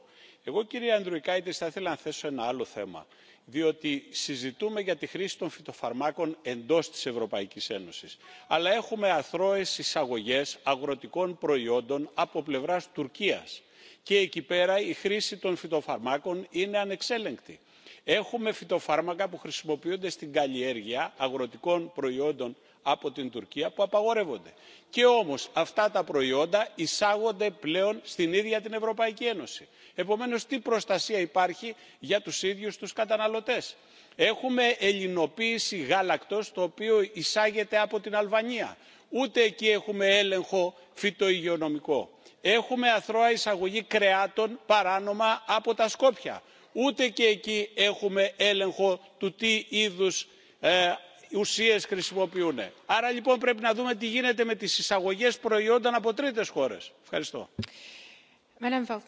Speaker 4: εγώ κύριε ανδρουικάητη θα ήθελα να θέσω ένα άλλο θέμα διότι συζητούμε για τη χρήση των φυτοφαρμάκων εντός της ευρωπαϊκής ένωσης αλλά έχουμε αθρώες εισαγωγές αγροτικών προϊόντων από πλευράς τουρκίας και εκεί πέρα η χρήση των φυτοφαρμάκων είναι ανεξέλεγκτη. έχουμε φυτοφάρμακα που χρησιμοποιούνται στην καλλιέργεια αγροτικών προϊόντων από την τουρκία που απαγορεύονται και όμως αυτά τα προϊόντα εισάγονται πλέον στην ίδια την ευρωπαϊκή ένωση. επομένως τι προστασία υπάρχει για τους ίδιους τους καταναλωτές. έχουμε ελληνοποίηση γάλακτος το οποίο εισάγεται από την αλβανία ούτε εκεί έχουμε έλεγχο φυτοϊγειονομικό. έχουμε αθρώα εισαγωγή κρεάτων παράνομα από τα σκόπια ούτε και εκεί έχουμε έλεγχο του τι είδους ε, ουσίες χρησιμοποιούν. άρα λοιπόν πρέπει να δούμε τι γίνεται με τις εισαγωγές προϊόντων από τρίτες χώρες. ευχαριστώ.
Speaker 1: Ευχαριστώ.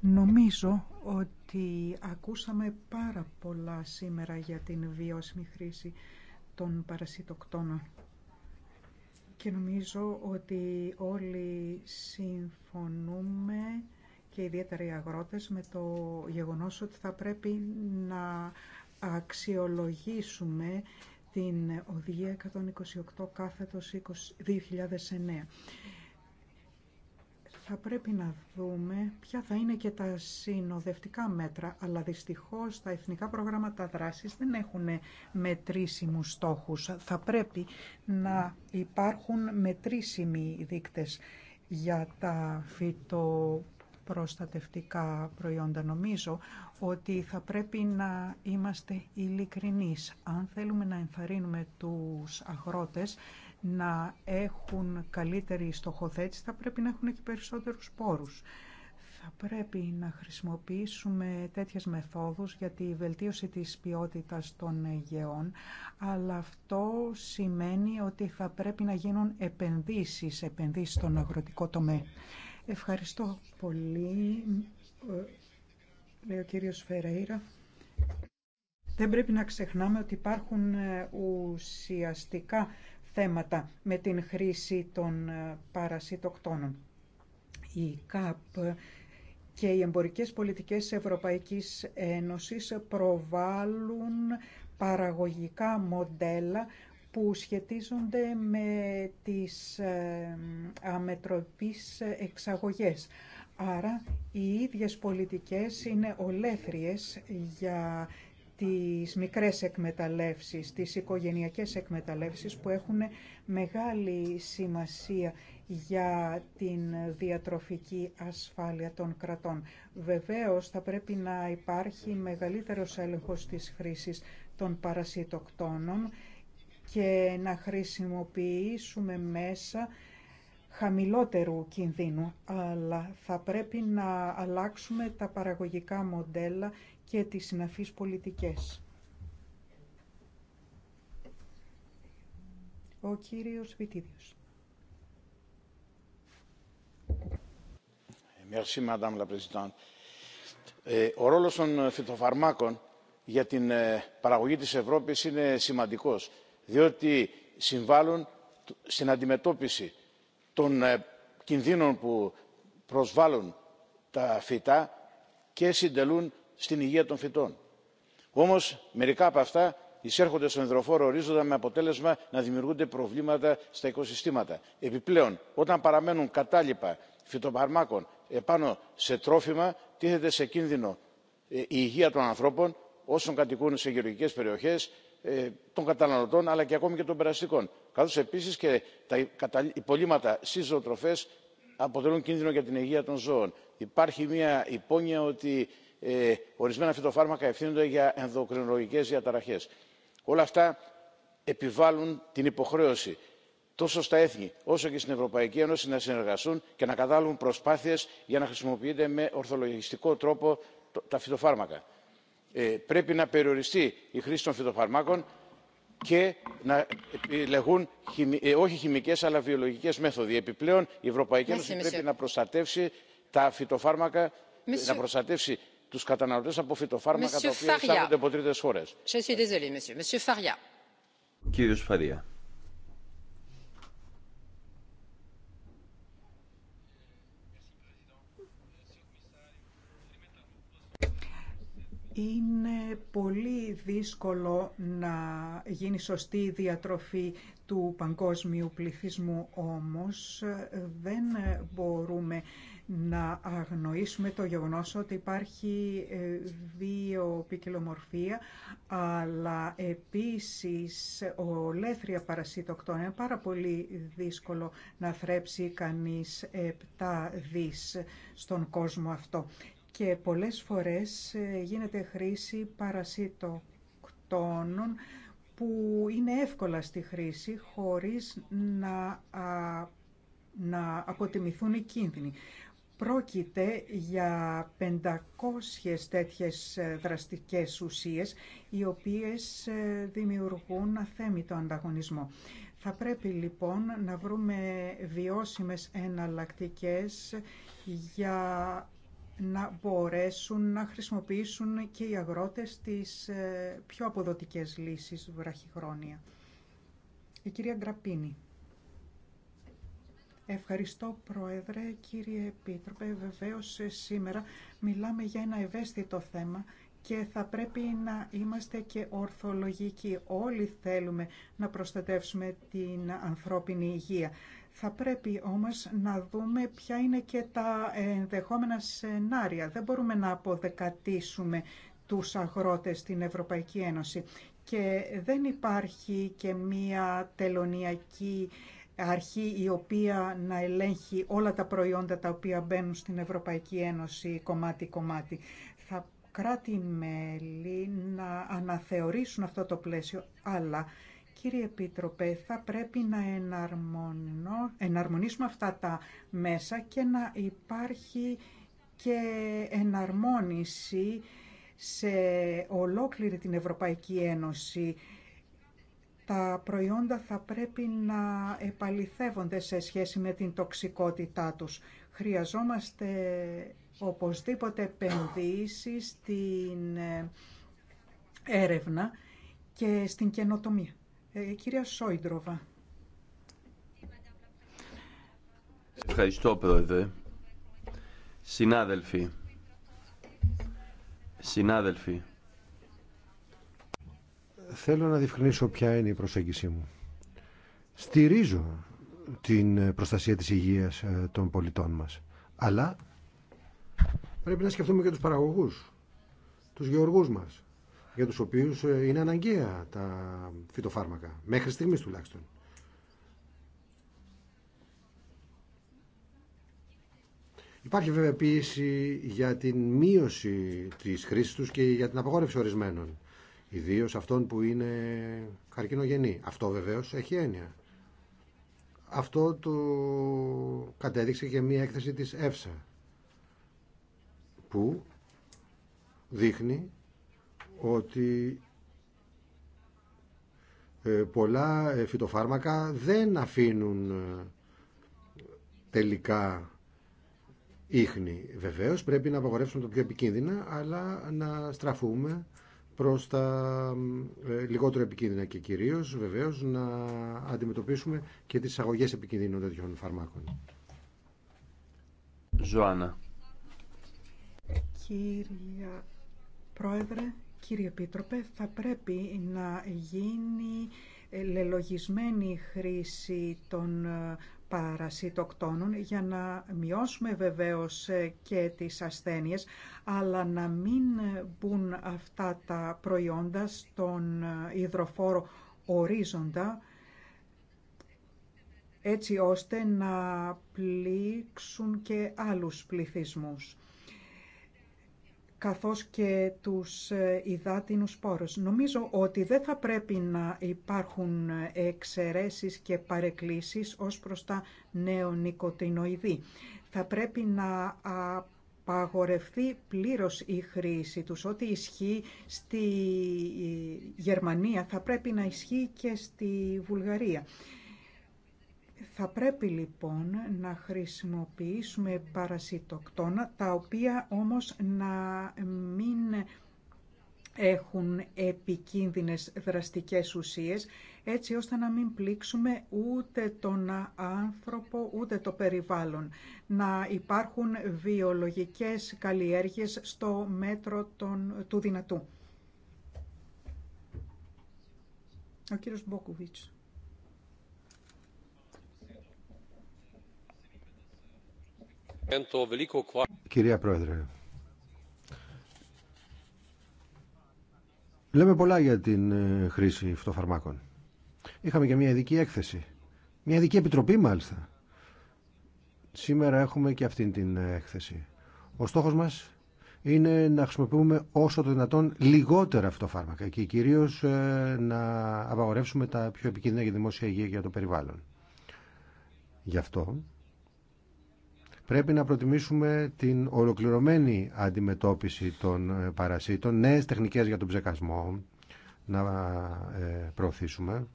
Speaker 1: Νομίζω ότι ακούσαμε πάρα πολλά σήμερα για την βιώσιμη χρήση των παρασιτοκτόνων και νομίζω ότι όλοι συμφωνούμε και ιδιαίτερα οι αγρότες με το γεγονός ότι θα πρέπει να αξιολογήσουμε την Οδηγία 128 κάθετος 2009 θα πρέπει να δούμε ποια θα είναι και τα συνοδευτικά μέτρα, αλλά δυστυχώς τα εθνικά προγράμματα δράσης δεν έχουν μετρήσιμους στόχους. Θα πρέπει να υπάρχουν μετρήσιμοι δείκτες για τα φυτοπροστατευτικά προϊόντα. Νομίζω ότι θα πρέπει να είμαστε ειλικρινείς. Αν θέλουμε να ενθαρρύνουμε τους αγρότες να έχουν καλύτερη στοχοθέτηση θα πρέπει να έχουν και περισσότερους πόρους. Θα πρέπει να χρησιμοποιήσουμε τέτοιες μεθόδους για τη βελτίωση της ποιότητας των γεών, αλλά αυτό σημαίνει ότι θα πρέπει να γίνουν επενδύσεις, επενδύσεις στον αγροτικό τομέα. Ευχαριστώ πολύ, ε, λέει ο κύριος Φεραίρα. Δεν πρέπει να ξεχνάμε ότι υπάρχουν ε, ουσιαστικά θέματα με την χρήση των ε, παρασιτοκτόνων. Η ΚΑΠ και οι εμπορικές πολιτικές της Ευρωπαϊκής Ένωσης προβάλλουν παραγωγικά μοντέλα που σχετίζονται με τις ε, αμετροπείς εξαγωγές. Άρα οι ίδιες πολιτικές είναι ολέθριες για τις μικρές εκμεταλλεύσεις, τις οικογενειακές εκμεταλλεύσεις που έχουν μεγάλη σημασία για την διατροφική ασφάλεια των κρατών. Βεβαίως θα πρέπει να υπάρχει μεγαλύτερος έλεγχος της χρήσης των παρασιτοκτόνων και να χρησιμοποιήσουμε μέσα χαμηλότερου κινδύνου, αλλά θα πρέπει να αλλάξουμε τα παραγωγικά μοντέλα και τις συναφείς πολιτικές. Ο κύριος Βιτίδιος.
Speaker 5: Ε, ο ρόλος των φυτοφαρμάκων για την ε, παραγωγή της Ευρώπης είναι σημαντικός, διότι συμβάλλουν στην αντιμετώπιση των ε, κινδύνων που προσβάλλουν τα φυτά και συντελούν στην υγεία των φυτών. Όμως μερικά από αυτά εισέρχονται στον υδροφόρο ορίζοντα με αποτέλεσμα να δημιουργούνται προβλήματα στα οικοσυστήματα. Επιπλέον, όταν παραμένουν κατάλοιπα φυτοπαρμάκων επάνω σε τρόφιμα, τίθεται σε κίνδυνο ε, η υγεία των ανθρώπων όσων κατοικούν σε γεωργικές περιοχές, ε, των καταναλωτών αλλά και ακόμη και των περαστικών καθώς επίσης και τα υπολείμματα στις ζωοτροφές αποτελούν κίνδυνο για την υγεία των ζώων. Υπάρχει μια υπόνοια ότι ε, ορισμένα φυτοφάρμακα ευθύνονται για ενδοκρινολογικές διαταραχές. Όλα αυτά επιβάλλουν την υποχρέωση τόσο στα έθνη όσο και στην Ευρωπαϊκή Ένωση να συνεργαστούν και να κατάλληλουν προσπάθειες για να χρησιμοποιείται με ορθολογιστικό τρόπο τα φυτοφάρμακα. Ε, πρέπει να περιοριστεί η χρήση των φυτοφαρμάκων και να επιλεγούν ε, όχι χημικές αλλά βιολογικές μέθοδοι. Επιπλέον η Ευρωπαϊκή Ένωση πρέπει να προστατεύσει τα φυτοφάρμακα, να προστατεύσει τους καταναλωτές από φυτοφάρμακα τα οποία εισάγονται από τρίτες
Speaker 2: χώρες. Φαρία.
Speaker 1: Είναι πολύ δύσκολο να γίνει σωστή η διατροφή του παγκόσμιου πληθυσμού, όμως ε, δεν μπορούμε να αγνοήσουμε το γεγονός ότι υπάρχει ε, δύο ποικιλομορφία αλλά επίσης ολέθρια παρασίτοκτόνα. Είναι πάρα πολύ δύσκολο να θρέψει κανείς επτά δις στον κόσμο αυτό και πολλές φορές ε, γίνεται χρήση παρασίτοκτόνων που είναι εύκολα στη χρήση χωρίς να, να αποτιμηθούν οι κίνδυνοι. Πρόκειται για 500 τέτοιες ε, δραστικές ουσίες οι οποίες ε, δημιουργούν αθέμητο ανταγωνισμό. Θα πρέπει λοιπόν να βρούμε βιώσιμες εναλλακτικές για να μπορέσουν να χρησιμοποιήσουν και οι αγρότες τις ε, πιο αποδοτικές λύσεις βραχυχρόνια. Η κυρία Γκραπίνη. Ευχαριστώ Πρόεδρε, κύριε Επίτροπε. Βεβαίως ε, σήμερα μιλάμε για ένα ευαίσθητο θέμα και θα πρέπει να είμαστε και ορθολογικοί. Όλοι θέλουμε να προστατεύσουμε την ανθρώπινη υγεία. Θα πρέπει όμως να δούμε ποια είναι και τα ενδεχόμενα σενάρια. Δεν μπορούμε να αποδεκατήσουμε τους αγρότες στην Ευρωπαϊκή Ένωση. Και δεν υπάρχει και μία τελωνιακή αρχή η οποία να ελέγχει όλα τα προϊόντα τα οποία μπαίνουν στην Ευρωπαϊκή Ένωση κομμάτι-κομμάτι. Θα κράτη-μέλη να αναθεωρήσουν αυτό το πλαίσιο, αλλά Κύριε Επίτροπε, θα πρέπει να εναρμονίσουμε αυτά τα μέσα και να υπάρχει και εναρμόνιση σε ολόκληρη την Ευρωπαϊκή Ένωση. Τα προϊόντα θα πρέπει να επαληθεύονται σε σχέση με την τοξικότητά τους. Χρειαζόμαστε οπωσδήποτε επενδύσεις στην ε, έρευνα και στην καινοτομία. Ε, κυρία Σόιντροβα.
Speaker 2: Ευχαριστώ, Πρόεδρε. Συνάδελφοι. Συνάδελφοι.
Speaker 3: Θέλω να διευκρινίσω ποια είναι η προσέγγιση μου. Στηρίζω την προστασία της υγείας ε, των πολιτών μας. Αλλά πρέπει να σκεφτούμε και τους παραγωγούς, τους γεωργούς μας, για τους οποίους ε, είναι αναγκαία τα φυτοφάρμακα, μέχρι στιγμής τουλάχιστον. Υπάρχει βέβαια πίεση για την μείωση της χρήσης τους και για την απαγόρευση ορισμένων, ιδίως αυτών που είναι καρκινογενή. Αυτό βεβαίως έχει έννοια. Αυτό το κατέδειξε και μία έκθεση της ΕΦΣΑ που δείχνει ότι ε, πολλά ε, φυτοφάρμακα δεν αφήνουν ε, τελικά ίχνη. Βεβαίως πρέπει να απαγορεύσουμε το πιο επικίνδυνα, αλλά να στραφούμε προς τα λιγότερο επικίνδυνα και κυρίως βεβαίως να αντιμετωπίσουμε και τις αγωγές επικίνδυνων τέτοιων φαρμάκων.
Speaker 2: Ζωάννα.
Speaker 1: Κύριε Πρόεδρε, Κύριε Επίτροπε, θα πρέπει να γίνει ε, λελογισμένη χρήση των ε, παρασιτοκτόνων για να μειώσουμε βεβαίως ε, και τις ασθένειες, αλλά να μην μπουν αυτά τα προϊόντα στον υδροφόρο ορίζοντα, έτσι ώστε να πλήξουν και άλλους πληθυσμούς καθώς και τους ε, υδάτινους σπόρους. Νομίζω ότι δεν θα πρέπει να υπάρχουν ε, εξαιρέσεις και παρεκκλήσεις ως προς τα νεονικοτινοειδή. Θα πρέπει να απαγορευτεί πλήρως η χρήση τους. Ό,τι ισχύει στη ε, Γερμανία θα πρέπει να ισχύει και στη Βουλγαρία. Θα πρέπει λοιπόν να χρησιμοποιήσουμε παρασιτοκτόνα, τα οποία όμως να μην έχουν επικίνδυνες δραστικές ουσίες, έτσι ώστε να μην πλήξουμε ούτε τον άνθρωπο, ούτε το περιβάλλον. Να υπάρχουν βιολογικές καλλιέργειες στο μέτρο του δυνατού. Ο κύριος
Speaker 3: Κυρία Πρόεδρε, λέμε πολλά για την ε, χρήση φυτοφαρμάκων. Είχαμε και μια ειδική έκθεση, μια ειδική επιτροπή μάλιστα. Σήμερα έχουμε και αυτήν την ε, έκθεση. Ο στόχος μας είναι να χρησιμοποιούμε όσο το δυνατόν λιγότερα φυτοφάρμακα και κυρίως ε, να απαγορεύσουμε τα πιο επικίνδυνα για τη δημόσια υγεία και για το περιβάλλον. Γι' αυτό Πρέπει να προτιμήσουμε την ολοκληρωμένη αντιμετώπιση των ε, παρασίτων, νέες τεχνικές για τον ψεκασμό να ε, προωθήσουμε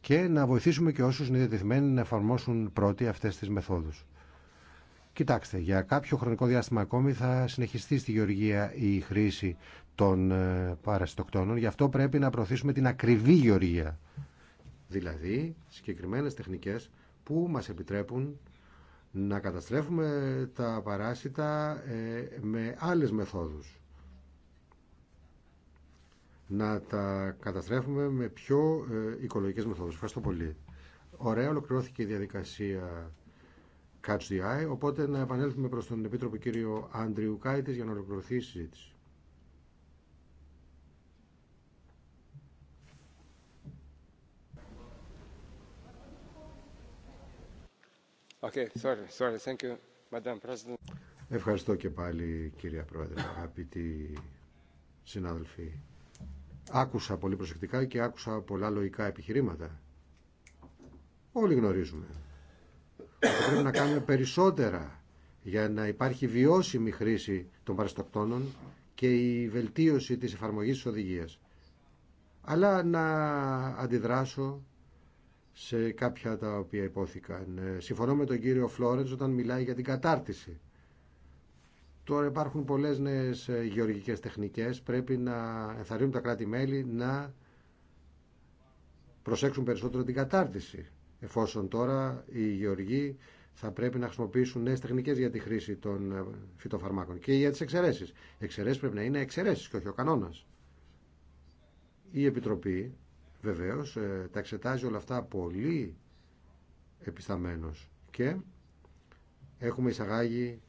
Speaker 3: και να βοηθήσουμε και όσους είναι διατεθειμένοι να εφαρμόσουν πρώτοι αυτές τις μεθόδους. Κοιτάξτε, για κάποιο χρονικό διάστημα ακόμη θα συνεχιστεί στη γεωργία η χρήση των ε, παρασιτοκτόνων. Γι' αυτό πρέπει να προωθήσουμε την ακριβή γεωργία. Δηλαδή, συγκεκριμένες τεχνικές που μας επιτρέπουν να καταστρέφουμε τα παράσιτα ε, με άλλες μεθόδους. Να τα καταστρέφουμε με πιο ε, οικολογικές μεθόδους. Ευχαριστώ πολύ. Ωραία, ολοκληρώθηκε η διαδικασία Catch the Eye, οπότε να επανέλθουμε προς τον Επίτροπο κύριο Άντριου Κάιτης για να ολοκληρωθεί η συζήτηση. Ευχαριστώ και πάλι κυρία Πρόεδρε, αγαπητοί συνάδελφοι. Άκουσα πολύ προσεκτικά και άκουσα πολλά λογικά επιχειρήματα. Όλοι γνωρίζουμε ότι πρέπει να κάνουμε περισσότερα για να υπάρχει βιώσιμη χρήση των παραστακτώνων και η βελτίωση της εφαρμογής της οδηγίας. Αλλά να αντιδράσω σε κάποια τα οποία υπόθηκαν. Ε, συμφωνώ με τον κύριο Φλόρεντς όταν μιλάει για την κατάρτιση. Τώρα υπάρχουν πολλές νέες ε, γεωργικές τεχνικές. Πρέπει να ενθαρρύνουν τα κράτη-μέλη να προσέξουν περισσότερο την κατάρτιση. Εφόσον τώρα οι γεωργοί θα πρέπει να χρησιμοποιήσουν νέες τεχνικές για τη χρήση των ε, φυτοφαρμάκων και για τις εξαιρέσεις. εξαιρέσεις πρέπει να είναι εξαιρέσεις και όχι ο κανόνας. Η Επιτροπή Βεβαίως ε, τα εξετάζει όλα αυτά πολύ επισταμένος και έχουμε εισαγάγει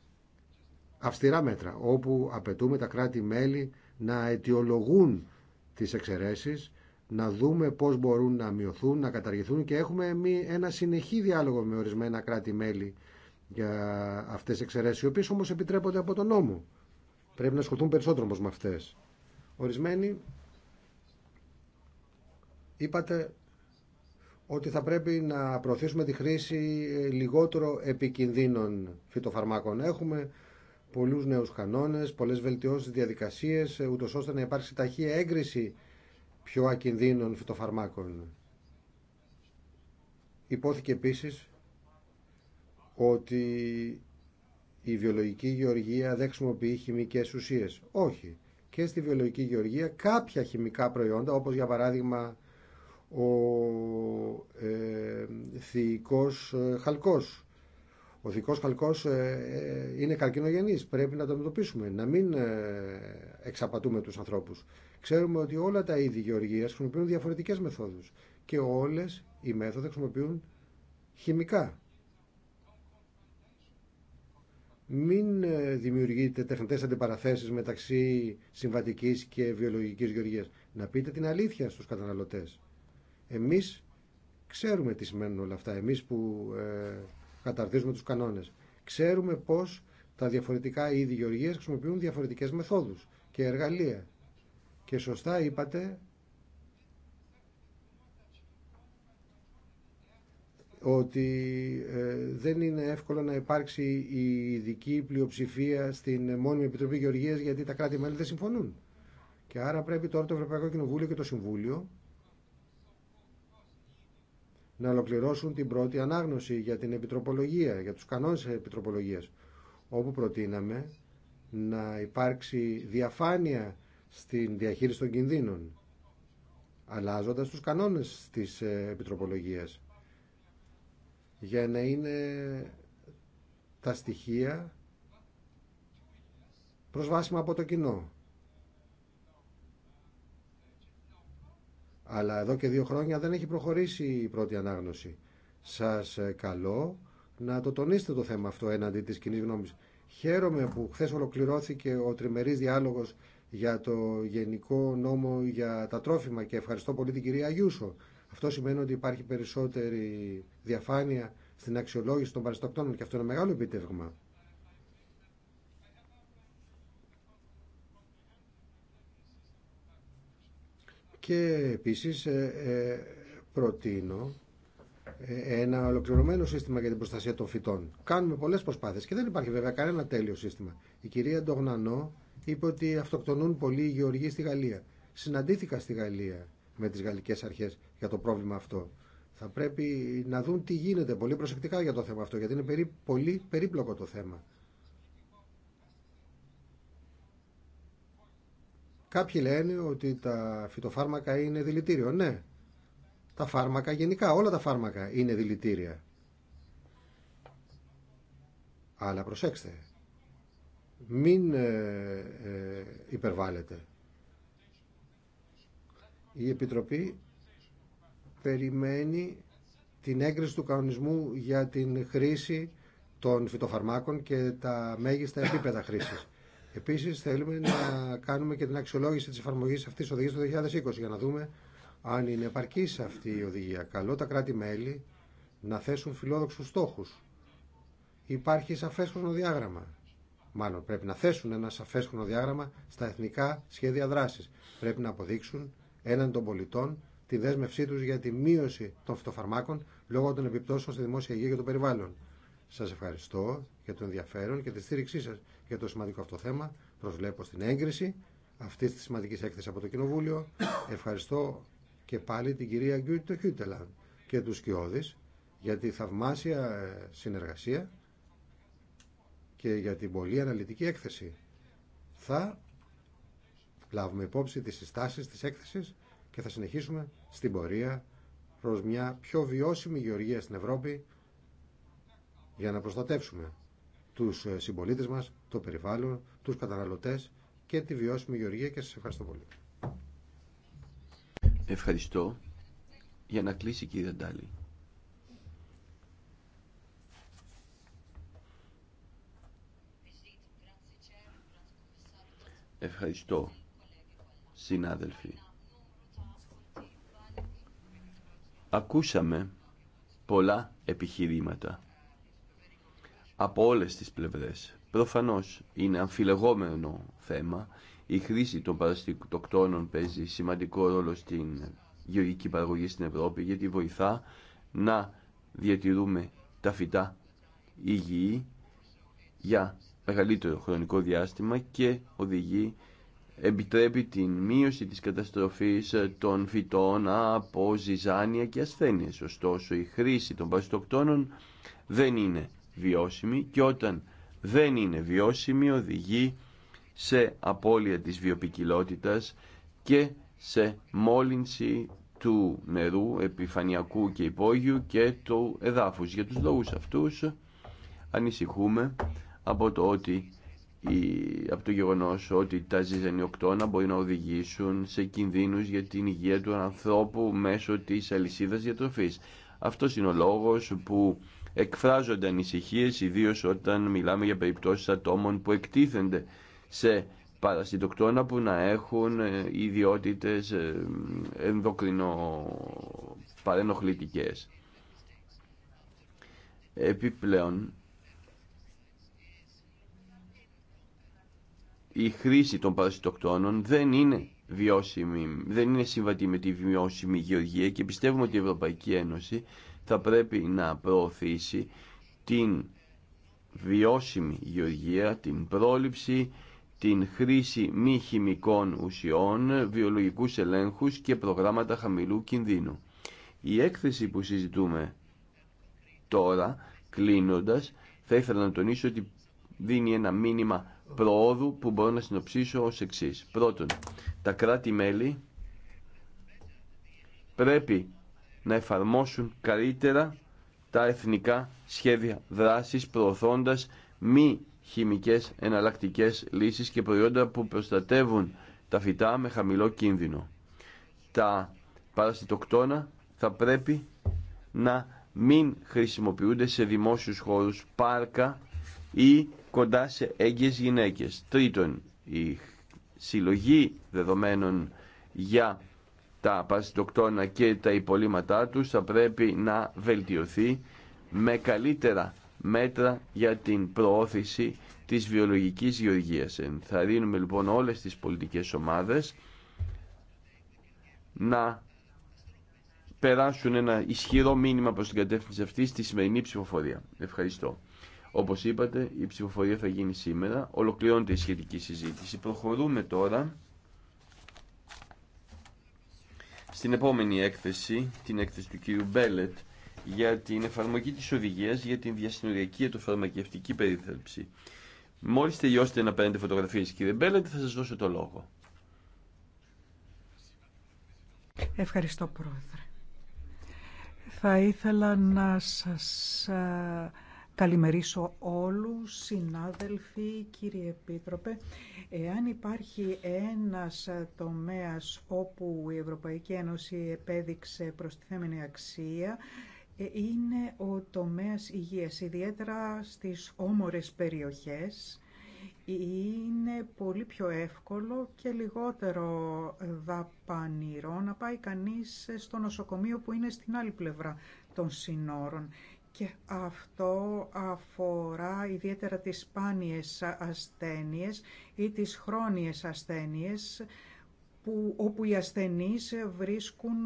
Speaker 3: αυστηρά μέτρα όπου απαιτούμε τα κράτη-μέλη να αιτιολογούν τις εξαιρέσεις να δούμε πώς μπορούν να μειωθούν, να καταργηθούν και έχουμε ένα συνεχή διάλογο με ορισμένα κράτη-μέλη για αυτές τις εξαιρέσεις, οι οποίες όμως επιτρέπονται από τον νόμο. Πρέπει να ασχοληθούν περισσότερο όμως με αυτές. Ορισμένοι Είπατε ότι θα πρέπει να προωθήσουμε τη χρήση ε, λιγότερο επικινδύνων φυτοφαρμάκων. Έχουμε πολλούς νέους κανόνες, πολλές βελτιώσεις διαδικασίες, ε, ούτως ώστε να υπάρξει ταχεία έγκριση πιο ακινδύνων φυτοφαρμάκων. Υπόθηκε επίσης ότι η βιολογική γεωργία δεν χρησιμοποιεί χημικές ουσίες. Όχι. Και στη βιολογική γεωργία κάποια χημικά προϊόντα, όπως για παράδειγμα ο ε, ε, χαλκός. Ο θηκός χαλκός ε, ε, είναι καρκινογενής, πρέπει να το αντιμετωπίσουμε, να μην ε, εξαπατούμε τους ανθρώπους. Ξέρουμε ότι όλα τα είδη γεωργίας χρησιμοποιούν διαφορετικές μεθόδους και όλες οι μέθοδοι χρησιμοποιούν χημικά. Μην δημιουργείτε τεχνητές αντιπαραθέσεις μεταξύ συμβατικής και βιολογικής γεωργίας. Να πείτε την αλήθεια στους καταναλωτές. Εμείς ξέρουμε τι σημαίνουν όλα αυτά, εμείς που ε, καταρτίζουμε τους κανόνες. Ξέρουμε πώς τα διαφορετικά είδη γεωργίας χρησιμοποιούν διαφορετικές μεθόδους και εργαλεία. Και σωστά είπατε ότι ε, δεν είναι εύκολο να υπάρξει η ειδική πλειοψηφία στην μόνιμη Επιτροπή Γεωργίας γιατί τα κράτη-μέλη δεν συμφωνούν. Και άρα πρέπει τώρα το Ευρωπαϊκό Κοινοβούλιο και το Συμβούλιο να ολοκληρώσουν την πρώτη ανάγνωση για την επιτροπολογία, για τους κανόνες επιτροπολογίας, όπου προτείναμε να υπάρξει διαφάνεια στην διαχείριση των κινδύνων, αλλάζοντας τους κανόνες της ε, επιτροπολογίας, για να είναι τα στοιχεία προσβάσιμα από το κοινό. αλλά εδώ και δύο χρόνια δεν έχει προχωρήσει η πρώτη ανάγνωση. Σας ε, καλώ να το τονίσετε το θέμα αυτό έναντι της κοινή γνώμη. Χαίρομαι που χθε ολοκληρώθηκε ο τριμερής διάλογος για το Γενικό Νόμο για τα Τρόφιμα και ευχαριστώ πολύ την κυρία Γιούσο. Αυτό σημαίνει ότι υπάρχει περισσότερη διαφάνεια στην αξιολόγηση των παραστοκτώνων και αυτό είναι ένα μεγάλο επιτεύγμα. Και επίσης ε, ε, προτείνω ε, ένα ολοκληρωμένο σύστημα για την προστασία των φυτών. Κάνουμε πολλές προσπάθειες και δεν υπάρχει βέβαια κανένα τέλειο σύστημα. Η κυρία Ντογνανό είπε ότι αυτοκτονούν πολλοί οι γεωργοί στη Γαλλία. Συναντήθηκα στη Γαλλία με τις γαλλικές αρχές για το πρόβλημα αυτό. Θα πρέπει να δουν τι γίνεται πολύ προσεκτικά για το θέμα αυτό, γιατί είναι πολύ περίπλοκο το θέμα. Κάποιοι λένε ότι τα φυτοφάρμακα είναι δηλητήριο. Ναι, τα φάρμακα γενικά, όλα τα φάρμακα είναι δηλητήρια. Αλλά προσέξτε, μην ε, ε υπερβάλλετε. Η Επιτροπή περιμένει την έγκριση του κανονισμού για την χρήση των φυτοφαρμάκων και τα μέγιστα επίπεδα χρήσης. Επίση, θέλουμε να κάνουμε και την αξιολόγηση τη εφαρμογή αυτή τη οδηγίας το 2020 για να δούμε αν είναι επαρκή αυτή η οδηγία. Καλό τα κράτη-μέλη να θέσουν φιλόδοξου στόχου. Υπάρχει σαφέ χρονοδιάγραμμα. Μάλλον πρέπει να θέσουν ένα σαφέ χρονοδιάγραμμα στα εθνικά σχέδια δράση. Πρέπει να αποδείξουν έναν των πολιτών τη δέσμευσή του για τη μείωση των φυτοφαρμάκων λόγω των επιπτώσεων στη δημόσια υγεία και το περιβάλλον. Σα ευχαριστώ για το ενδιαφέρον και τη στήριξή σα για το σημαντικό αυτό θέμα. Προσβλέπω στην έγκριση αυτή τη σημαντική έκθεση από το Κοινοβούλιο. Ευχαριστώ και πάλι την κυρία Γκιούτε Χιούτελαν και του Σκιώδη για τη θαυμάσια ε, συνεργασία και για την πολύ αναλυτική έκθεση. Θα λάβουμε υπόψη τις συστάσεις της έκθεσης και θα συνεχίσουμε στην πορεία προς μια πιο βιώσιμη γεωργία στην Ευρώπη για να προστατεύσουμε τους ε, συμπολίτες μας, το περιβάλλον, τους καταναλωτές και τη βιώσιμη γεωργία και σας ευχαριστώ πολύ.
Speaker 2: Ευχαριστώ. Για να κλείσει κύριε Ντάλη. Ευχαριστώ, συνάδελφοι. Ακούσαμε πολλά επιχειρήματα από όλες τις πλευρές. Προφανώς είναι αμφιλεγόμενο θέμα. Η χρήση των παραστικτοκτώνων παίζει σημαντικό ρόλο στην γεωργική παραγωγή στην Ευρώπη γιατί βοηθά να διατηρούμε τα φυτά υγιή για μεγαλύτερο χρονικό διάστημα και οδηγεί επιτρέπει την μείωση της καταστροφής των φυτών από ζυζάνια και ασθένειες. Ωστόσο, η χρήση των παραστοκτώνων δεν είναι βιώσιμη και όταν δεν είναι βιώσιμη οδηγεί σε απώλεια της βιοπικιλότητας και σε μόλυνση του νερού, επιφανειακού και υπόγειου και του εδάφους. Για τους λόγους αυτούς ανησυχούμε από το ότι από το γεγονός ότι τα ζυζανιοκτώνα μπορεί να οδηγήσουν σε κινδύνους για την υγεία του ανθρώπου μέσω της αλυσίδας διατροφής. Αυτός είναι ο λόγος που εκφράζονται ανησυχίες ιδίως όταν μιλάμε για περιπτώσεις ατόμων που εκτίθενται σε παρασιτοκτόνα που να έχουν ε, ιδιότητες ε, ενδοκρινοπαρενοχλητικές. Επιπλέον, η χρήση των παρασιτοκτόνων δεν είναι βιώσιμη, δεν είναι συμβατή με τη βιώσιμη γεωργία και πιστεύουμε ότι η Ευρωπαϊκή Ένωση θα πρέπει να προωθήσει την βιώσιμη γεωργία, την πρόληψη, την χρήση μη χημικών ουσιών, βιολογικούς ελέγχους και προγράμματα χαμηλού κινδύνου. Η έκθεση που συζητούμε τώρα, κλείνοντας, θα ήθελα να τονίσω ότι δίνει ένα μήνυμα προόδου που μπορώ να συνοψίσω ως εξής. Πρώτον, τα κράτη-μέλη πρέπει να εφαρμόσουν καλύτερα τα εθνικά σχέδια δράσης προωθώντας μη χημικές εναλλακτικές λύσεις και προϊόντα που προστατεύουν τα φυτά με χαμηλό κίνδυνο. Τα παραστητοκτόνα θα πρέπει να μην χρησιμοποιούνται σε δημόσιους χώρους, πάρκα ή κοντά σε έγκυες γυναίκες. Τρίτον, η συλλογή δεδομένων για τα παρασυντοκτόνα και τα υπολείμματά τους θα πρέπει να βελτιωθεί με καλύτερα μέτρα για την προώθηση της βιολογικής γεωργίας. Θα δίνουμε λοιπόν όλες τις πολιτικές ομάδες να περάσουν ένα ισχυρό μήνυμα προς την κατεύθυνση αυτή στη σημερινή ψηφοφορία. Ευχαριστώ. Όπως είπατε, η ψηφοφορία θα γίνει σήμερα. Ολοκληρώνεται η σχετική συζήτηση. Προχωρούμε τώρα στην επόμενη έκθεση, την έκθεση του κύριου Μπέλετ, για την εφαρμογή της οδηγίας για την διασυνοριακή ετοφαρμακευτική περίθαλψη. Μόλις τελειώσετε να παίρνετε φωτογραφίες κύριε Μπέλετ θα σας δώσω το λόγο.
Speaker 1: Ευχαριστώ πρόεδρε. Θα ήθελα να σας ε, Καλημερίσω όλους, συνάδελφοι, κύριε Επίτροπε. Εάν υπάρχει ένας τομέας όπου η Ευρωπαϊκή Ένωση επέδειξε προστιθέμενη αξία, ε, είναι ο τομέας υγείας, ιδιαίτερα στις όμορες περιοχές. Είναι πολύ πιο εύκολο και λιγότερο δαπανηρό να πάει κανείς στο νοσοκομείο που είναι στην άλλη πλευρά των συνόρων. Και αυτό αφορά ιδιαίτερα τις σπάνιες ασθένειες ή τις χρόνιες ασθένειες που, όπου οι ασθενείς βρίσκουν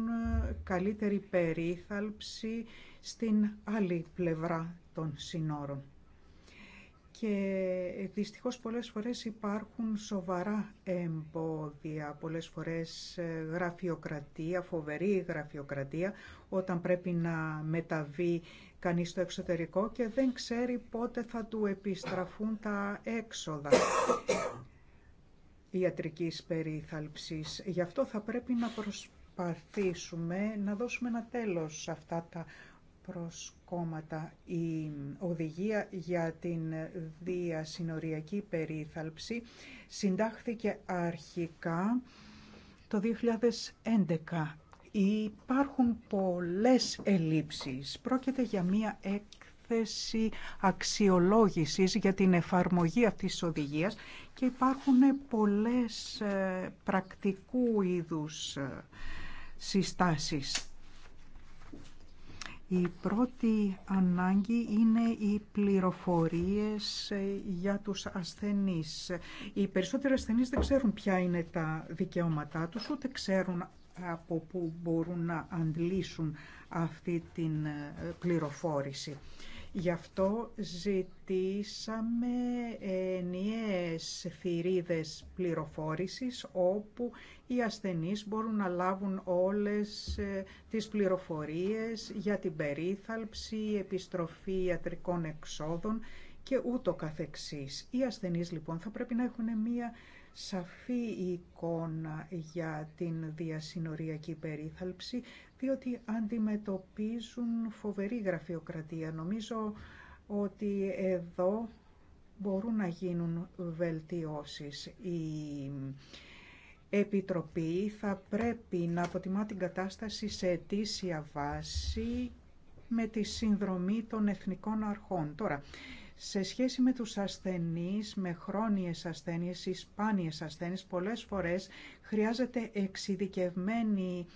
Speaker 1: καλύτερη περίθαλψη στην άλλη πλευρά των συνόρων. Και δυστυχώς πολλές φορές υπάρχουν σοβαρά εμπόδια, πολλές φορές ε, γραφειοκρατία, φοβερή γραφειοκρατία, όταν πρέπει να μεταβεί κανείς στο εξωτερικό και δεν ξέρει πότε θα του επιστραφούν τα έξοδα ιατρικής περίθαλψης. Γι' αυτό θα πρέπει να προσπαθήσουμε να δώσουμε ένα τέλος σε αυτά τα προσκόμματα. Η οδηγία για την διασυνοριακή περίθαλψη συντάχθηκε αρχικά το 2011 Υπάρχουν πολλές ελλείψεις. Πρόκειται για μία έκθεση αξιολόγησης για την εφαρμογή αυτής της οδηγίας και υπάρχουν πολλές ε, πρακτικού είδους ε, συστάσεις. Η πρώτη ανάγκη είναι οι πληροφορίες ε, για τους ασθενείς. Οι περισσότεροι ασθενείς δεν ξέρουν ποια είναι τα δικαιώματά τους, ούτε ξέρουν από που μπορούν να αντλήσουν αυτή την ε, πληροφόρηση. Γι' αυτό ζητήσαμε ενιαίες θηρίδες πληροφόρησης όπου οι ασθενείς μπορούν να λάβουν όλες ε, τις πληροφορίες για την περίθαλψη, επιστροφή ιατρικών εξόδων και ούτω καθεξής. Οι ασθενείς λοιπόν θα πρέπει να έχουν μία σαφή εικόνα για την διασυνοριακή περίθαλψη, διότι αντιμετωπίζουν φοβερή γραφειοκρατία. Νομίζω ότι εδώ μπορούν να γίνουν βελτιώσεις. Η Επιτροπή θα πρέπει να αποτιμά την κατάσταση σε αιτήσια βάση με τη συνδρομή των εθνικών αρχών. Τώρα, σε σχέση με τους ασθενείς, με χρόνιες ασθένειες ή σπάνιες ασθένειες, πολλές φορές χρειάζεται εξειδικευμένη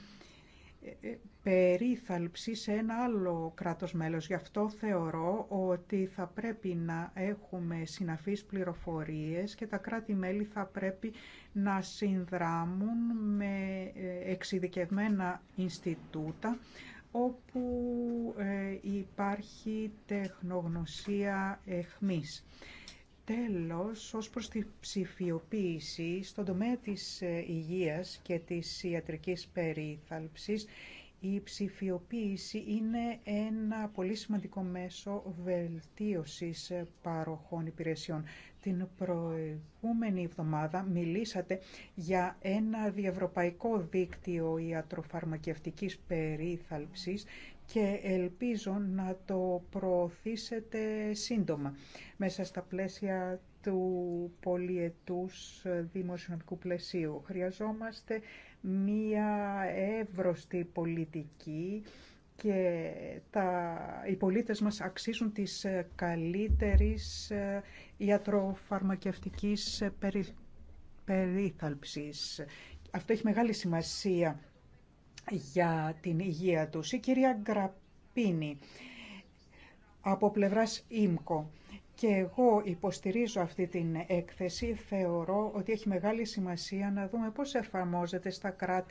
Speaker 1: ε, ε, περίθαλψη σε ένα άλλο κράτος μέλος. Γι' αυτό θεωρώ ότι θα πρέπει να έχουμε συναφείς πληροφορίες και τα κράτη-μέλη θα πρέπει να συνδράμουν με ε, εξειδικευμένα Ινστιτούτα όπου ε, υπάρχει τεχνογνωσία εχμής. Τέλος, ως προς τη ψηφιοποίηση, στον τομέα της ε, υγείας και της ιατρικής περίθαλψης, η ψηφιοποίηση είναι ένα πολύ σημαντικό μέσο βελτίωσης παροχών υπηρεσιών. Την προηγούμενη εβδομάδα μιλήσατε για ένα διευρωπαϊκό δίκτυο ιατροφαρμακευτικής περίθαλψης και ελπίζω να το προωθήσετε σύντομα μέσα στα πλαίσια του πολιετούς δημοσιονομικού πλαισίου. Χρειαζόμαστε μία εύρωστη πολιτική και τα, οι πολίτες μας αξίζουν της ε, καλύτερης ε, ιατροφαρμακευτικής ε, περί, περίθαλψης. Αυτό έχει μεγάλη σημασία για την υγεία τους. Η κυρία Γκραπίνη από πλευράς ΙΜΚΟ και εγώ υποστηρίζω αυτή την έκθεση, θεωρώ ότι έχει μεγάλη σημασία να δούμε πώς εφαρμόζεται στα κράτη